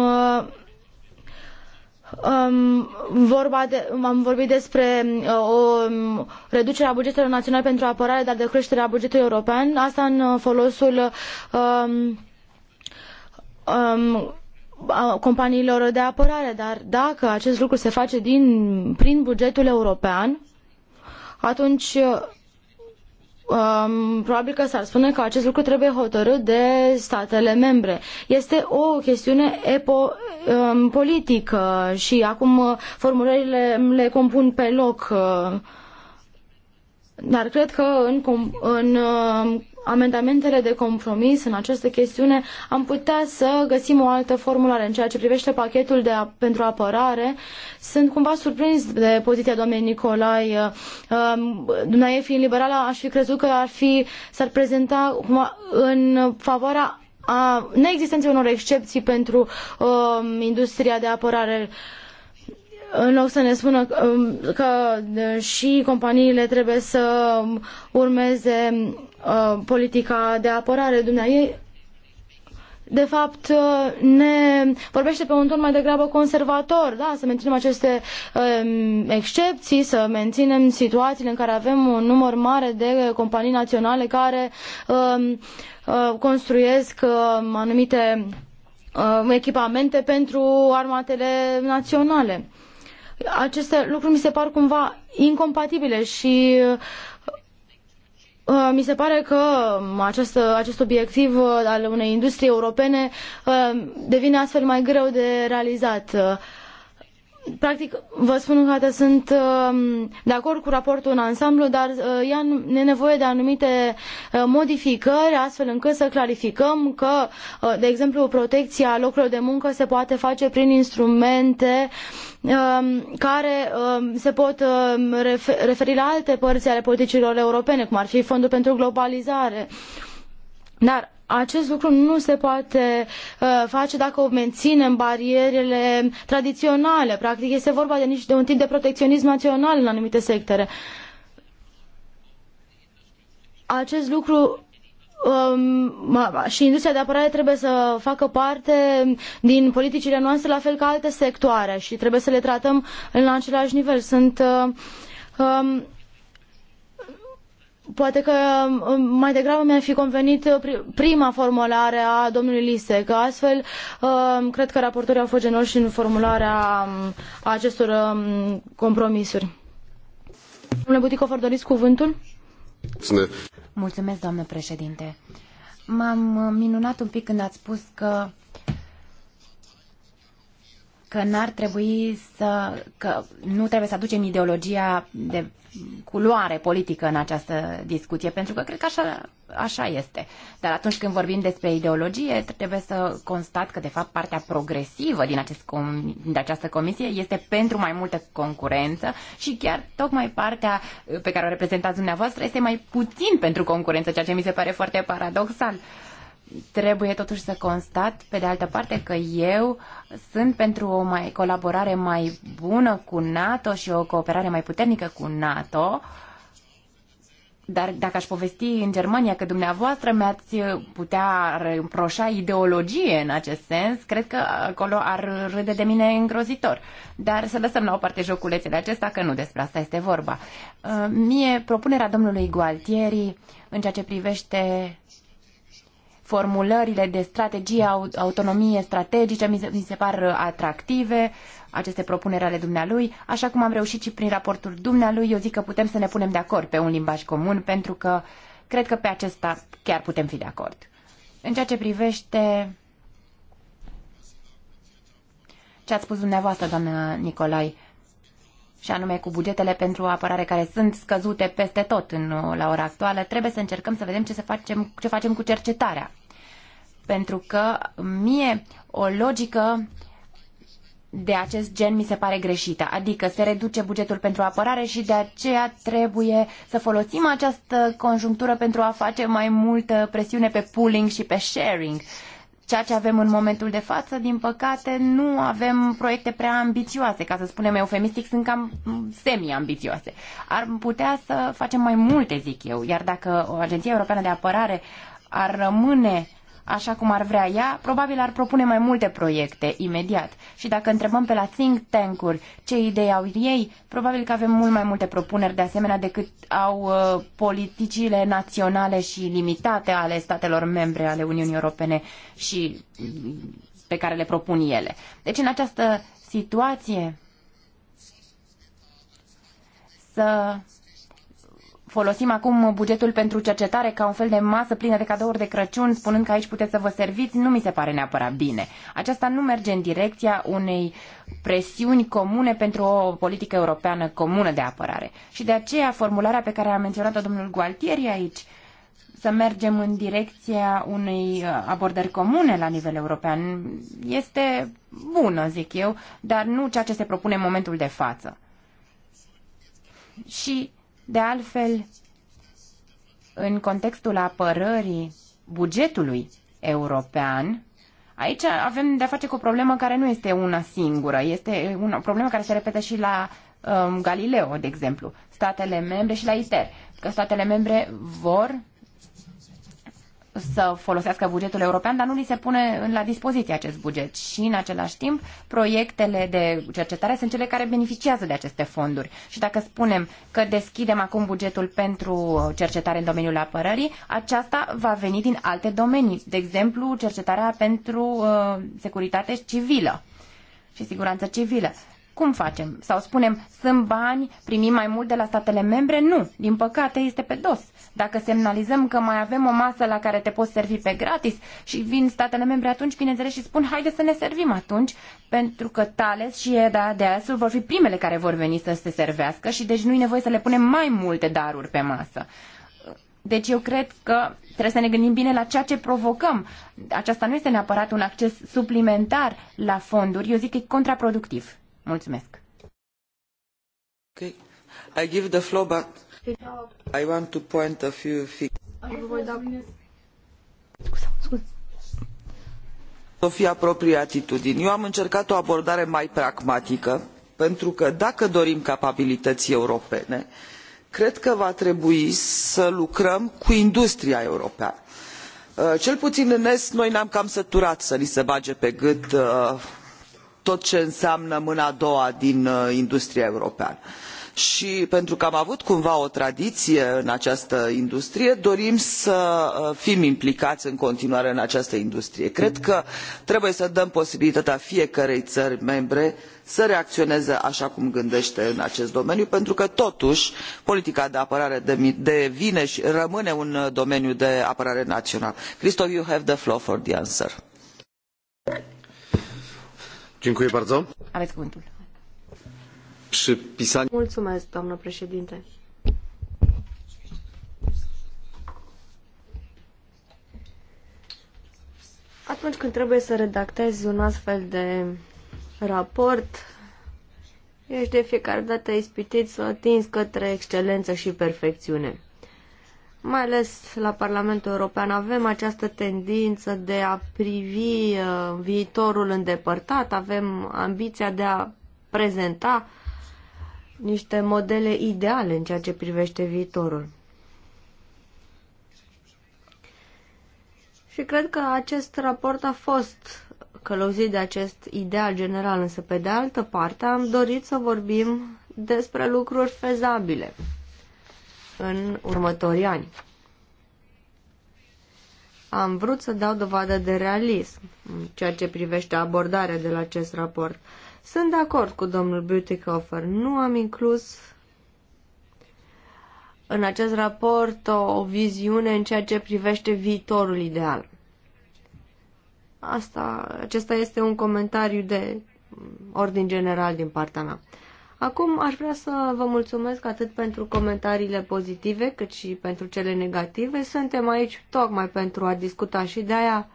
um, vorba de, am vorbit despre uh, o um, reducere a bugetelor naționale pentru apărare, dar de creștere a bugetului european, asta în folosul um, um, companiilor de apărare, dar dacă acest lucru se face din, prin bugetul european, atunci Um, probabil că s-ar spune că acest lucru trebuie hotărât de statele membre. Este o chestiune epo, um, politică și acum uh, formulările le compun pe loc. Uh, dar cred că în, în uh, amendamentele de compromis în această chestiune, am putea să găsim o altă formulare. În ceea ce privește pachetul de, pentru apărare, sunt cumva surprins de poziția doamnei Nicolai. Uh, um, Dumnezeu fiind liberală, aș fi crezut că ar fi, s-ar prezenta cumva în favoarea a neexistenței unor excepții pentru um, industria de apărare în loc să ne spună um, că, că uh, și companiile trebuie să um, urmeze Uh, politica de apărare dumneavoastră. de fapt uh, ne vorbește pe un ton mai degrabă conservator, da, să menținem aceste um, excepții, să menținem situațiile în care avem un număr mare de companii naționale care um, uh, construiesc um, anumite um, echipamente pentru armatele naționale. Aceste lucruri mi se par cumva incompatibile și uh, Uh, mi se pare că um, acest, uh, acest obiectiv uh, al unei industrii europene devine astfel mai greu de realizat. Practic, vă spun că sunt um, de acord cu raportul în ansamblu, dar ea uh, e nevoie de anumite uh, modificări, astfel încât să clarificăm că, uh, de exemplu, protecția locurilor de muncă se poate face prin instrumente um, care um, se pot referi la alte părți ale politicilor europene, cum ar fi Fondul pentru Globalizare. Dar acest lucru nu se poate uh, face dacă menținem barierele tradiționale. Practic este vorba de, nici, de un tip de protecționism național în anumite sectere. Acest lucru um, și industria de apărare trebuie să facă parte din politicile noastre la fel ca alte sectoare și trebuie să le tratăm în același nivel. Sunt uh, um, Poate că um, um, mai degrabă mi-ar fi convenit uh, prima formulare a domnului Lise, că astfel um, cred că raportorii au fost genoși în formularea acestor compromisuri. Domnule Buticofer, doriți cuvântul? Mulțumesc, doamnă președinte. M-am uh, minunat un pic când ați spus că că n-ar trebui să, că nu trebuie să aducem ideologia de culoare politică în această discuție, pentru că cred că așa, așa este. Dar atunci când vorbim despre ideologie, trebuie să constat că, de fapt, partea progresivă din, acest com- din această comisie este pentru mai multă concurență și chiar tocmai partea pe care o reprezentați dumneavoastră este mai puțin pentru concurență, ceea ce mi se pare foarte paradoxal. Uh, Trebuie totuși să constat, pe de altă parte, că eu sunt pentru o mai, colaborare mai bună cu NATO și o cooperare mai puternică cu NATO, dar dacă aș povesti în Germania că dumneavoastră mi-ați putea reproșa ideologie în acest sens, cred că acolo ar râde de mine îngrozitor. Dar să lăsăm la o parte joculețele acesta, că nu despre asta este vorba. Mie, propunerea domnului Gualtieri în ceea ce privește formulările de strategie, autonomie strategice, mi se, mi se par atractive aceste propuneri ale dumnealui, așa cum am reușit și prin raportul dumnealui, eu zic că putem să ne punem de acord pe un limbaj comun, pentru că cred că pe acesta chiar putem fi de acord. În ceea ce privește ce ați spus dumneavoastră, doamnă Nicolai, și anume cu bugetele pentru apărare care sunt scăzute peste tot în, la ora actuală, trebuie să încercăm să vedem ce, să facem, ce facem cu cercetarea. Pentru că mie o logică de acest gen mi se pare greșită, adică se reduce bugetul pentru apărare și de aceea trebuie să folosim această conjunctură pentru a face mai multă presiune pe pooling și pe sharing. Uh, ceea ce avem în momentul de față, din păcate, nu avem proiecte prea ambițioase, ca să spunem eufemistic, sunt cam semi-ambițioase. Ar putea să facem mai multe, zic eu, iar dacă o Agenție Europeană de Apărare ar rămâne așa cum ar vrea ea, probabil ar propune mai multe proiecte imediat. Și dacă întrebăm pe la think tank-uri ce idei au ei, probabil că avem mult mai multe propuneri de asemenea decât au uh, politicile naționale și limitate ale statelor membre ale Uniunii Europene și mm, pe care le propun ele. Deci în această situație să folosim acum bugetul pentru cercetare ca un fel de masă plină de cadouri de Crăciun, spunând că aici puteți să vă serviți, nu mi se pare neapărat bine. Aceasta nu merge în direcția unei presiuni comune pentru o politică europeană comună de apărare. Și de aceea formularea pe care a menționat-o domnul Gualtieri aici, să mergem în direcția unei uh, abordări comune la nivel european este bună, zic eu, dar nu ceea ce se propune în momentul de față. Și de altfel, în contextul apărării bugetului european, aici avem de-a face cu o problemă care nu este una singură, este o problemă care se repetă și la um, Galileo, de exemplu, statele membre și la ITER, că statele membre vor să folosească bugetul european, dar nu li se pune la dispoziție acest buget. Și în același timp, proiectele de cercetare sunt cele care beneficiază de aceste fonduri. Și dacă spunem că deschidem acum bugetul pentru cercetare în domeniul apărării, aceasta va veni din alte domenii, de exemplu cercetarea pentru uh, securitate civilă și siguranță civilă. Cum facem? Sau spunem, sunt bani, primim mai mult de la statele membre? Nu, din păcate este pe dos dacă semnalizăm că mai avem o masă la care te poți servi pe gratis și vin statele membre atunci, bineînțeles, și spun haide să ne servim atunci, pentru că Tales și Eda de Asul vor fi primele care vor veni să se servească și deci nu e nevoie să le punem mai multe daruri pe masă. Deci eu cred că trebuie să ne gândim bine la ceea ce provocăm. Aceasta nu este neapărat un acces suplimentar la fonduri. Eu zic că e contraproductiv. Mulțumesc. Okay. I give the floor back I want to point a few things. să fie atitudini. Eu am încercat o abordare mai pragmatică, pentru că dacă dorim capabilități europene, cred că va trebui să lucrăm cu industria europeană. Uh, cel puțin în Est, noi ne-am cam săturat să ni se bage pe gât uh, tot ce înseamnă mâna a doua din uh, industria europeană și pentru că am avut cumva o tradiție în această industrie dorim să uh, fim implicați în continuare în această industrie. cred că trebuie să dăm posibilitatea fiecărei ări membre să reacționeze așa cum gândește în acest domeniu pentru că totuși politica de apărare devine și rămâne un uh, domeniu de apărare național. Christoph, you have the floor for the answer. Aveți cuvântul przypisanie... Mulțumesc, doamnă președinte. Atunci când trebuie să redactezi un astfel de raport, ești de fiecare dată ispitit să atingi către excelență și perfecțiune. Mai ales la Parlamentul European avem această tendință de a privi uh, viitorul îndepărtat, avem ambiția de a prezenta uh, niște modele ideale în ceea ce privește viitorul. Și cred că acest raport a fost călăuzit de acest ideal general, însă pe de altă parte am dorit să vorbim despre lucruri fezabile în următorii ani. Am vrut să dau dovadă de realism în ceea ce privește abordarea de la acest raport. Sunt de acord cu domnul Beautycoffer. Nu am inclus în acest raport o, o viziune în ceea ce privește viitorul ideal. Asta, acesta este un comentariu de ordin general din partea mea. Acum aș vrea să vă mulțumesc atât pentru comentariile pozitive cât și pentru cele negative. Suntem aici tocmai pentru a discuta și de aia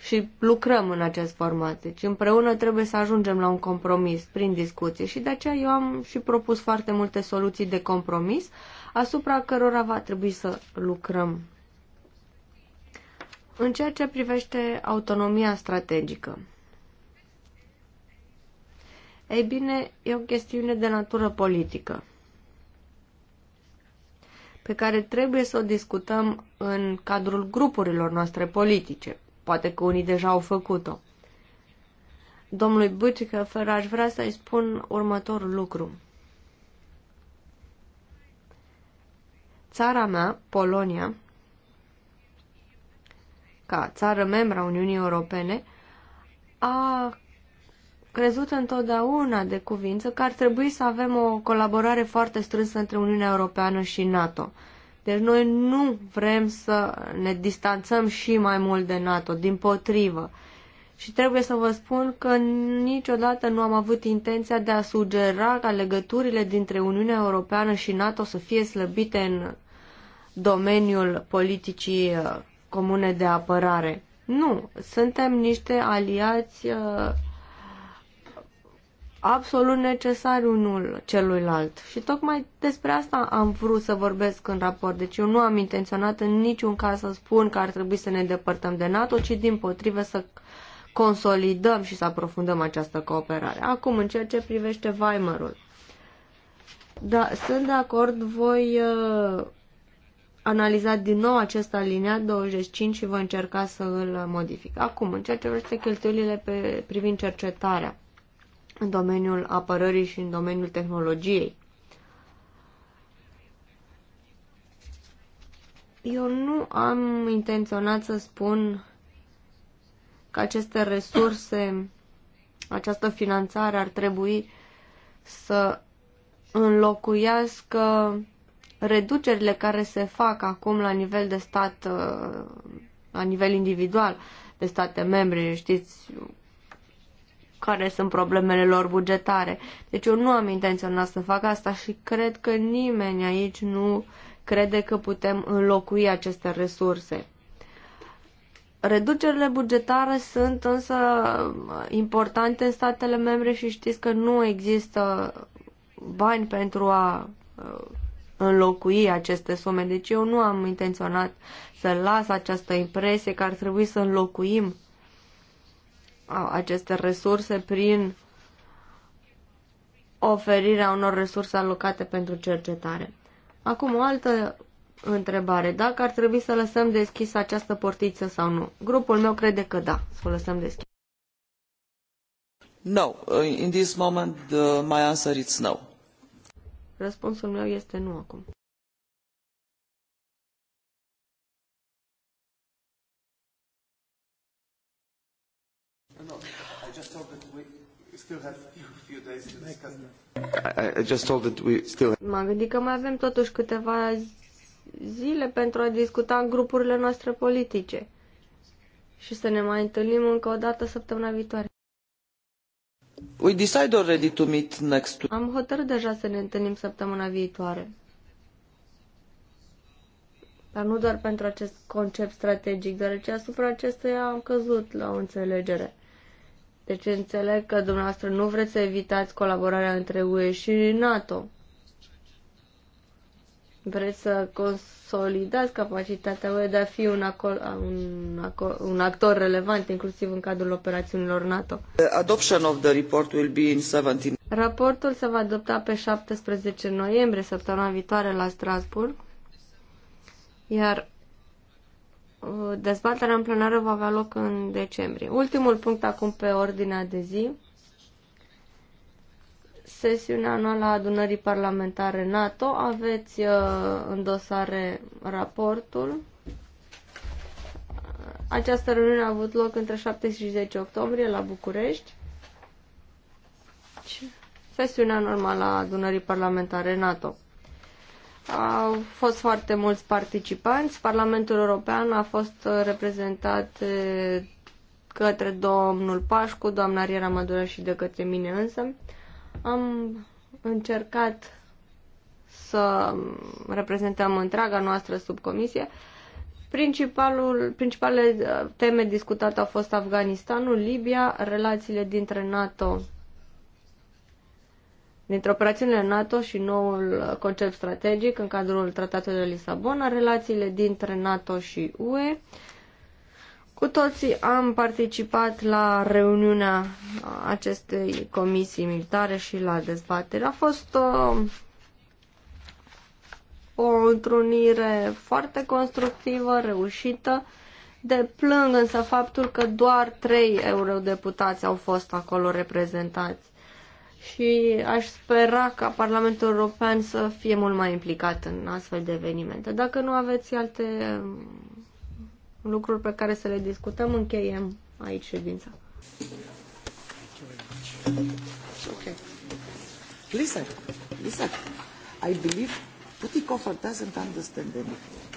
și lucrăm în acest format. Deci împreună trebuie să ajungem la un compromis prin discuție și de aceea eu am și propus foarte multe soluții de compromis asupra cărora va trebui să lucrăm. În ceea ce privește autonomia strategică. Ei bine, e o chestiune de natură politică pe care trebuie să o discutăm în cadrul grupurilor noastre politice. Poate că unii deja au făcut-o. Domnului Bucicăfer, aș vrea să-i spun următorul lucru. Țara mea, Polonia, ca țară membra Uniunii Europene, a crezut întotdeauna de cuvință că ar trebui să avem o colaborare foarte strânsă între Uniunea Europeană și NATO. Deci noi nu vrem să ne distanțăm și mai mult de NATO, din potrivă. Și trebuie să vă spun că niciodată nu am avut intenția de a sugera ca legăturile dintre Uniunea Europeană și NATO să fie slăbite în domeniul politicii uh, comune de apărare. Nu, suntem niște aliați uh, absolut necesar unul celuilalt. Și tocmai despre asta am vrut să vorbesc în raport. Deci eu nu am intenționat în niciun caz să spun că ar trebui să ne depărtăm de NATO, ci din potrivă să consolidăm și să aprofundăm această cooperare. Acum, în ceea ce privește Weimarul. Da, sunt de acord, voi uh, analiza din nou acest aliniat 25 și voi încerca să îl modific. Acum, în ceea ce privește cheltuielile pe, privind cercetarea în domeniul apărării și în domeniul tehnologiei. Eu nu am intenționat să spun că aceste resurse, această finanțare ar trebui să înlocuiască reducerile care se fac acum la nivel de stat, uh, la nivel individual de state membre. Știți care sunt problemele lor bugetare. Deci eu nu am intenționat să fac asta și cred că nimeni aici nu crede că putem înlocui aceste resurse. Reducerile bugetare sunt însă importante în statele membre și știți că nu există bani pentru a uh, înlocui aceste sume. Deci eu nu am intenționat să las această impresie că ar trebui să înlocuim aceste resurse prin oferirea unor resurse alocate pentru cercetare. Acum o altă întrebare. Dacă ar trebui să lăsăm deschis această portiță sau nu? Grupul meu crede că da, să o lăsăm deschis. No, in this moment uh, my answer is no. Răspunsul meu este nu acum. I just told that we still have few, days to I just told that we still M-am gândit că mai avem totuși câteva zile pentru a discuta în grupurile noastre politice și să ne mai întâlnim încă o dată săptămâna viitoare. We decide already to meet next week. Am hotărât deja să ne întâlnim săptămâna viitoare. Dar nu doar pentru acest concept strategic, deoarece asupra acestuia am căzut la o înțelegere. Deci înțeleg că dumneavoastră nu vreți să evitați colaborarea între UE și NATO. Vreți să consolidați capacitatea UE de a fi un, acol, un, acol, un actor relevant, inclusiv în cadrul operațiunilor NATO. Adoption of the report will be in 17. Raportul se va adopta pe 17 noiembrie, săptămâna viitoare, la Strasburg, iar dezbaterea în plenară va avea loc în decembrie. Ultimul punct acum pe ordinea de zi. Sesiunea anuală a adunării parlamentare NATO. Aveți uh, în dosare raportul. Această reuniune a avut loc între 7 și 10 octombrie la București. Deci, sesiunea normală a adunării parlamentare NATO. Au fost foarte mulți participanți. Parlamentul European a fost reprezentat către domnul Pașcu, doamna Riera Mădură și de către mine însă. Am încercat să reprezentăm întreaga noastră subcomisie. Principalul, principalele teme discutate au fost Afganistanul, Libia, relațiile dintre NATO Dintre operațiunile NATO și noul concept strategic în cadrul Tratatului de Lisabona, relațiile dintre NATO și UE. Cu toții am participat la reuniunea acestei comisii militare și la dezbatere. A fost o, uh, o întrunire foarte constructivă, reușită. plâng însă faptul că doar trei eurodeputați au fost acolo reprezentați și aș spera ca Parlamentul European să fie mult mai implicat în astfel de evenimente. Dacă nu aveți alte um, lucruri pe care să le discutăm, încheiem aici ședința. Okay. Listen, listen. I believe Putikoffer doesn't understand anything.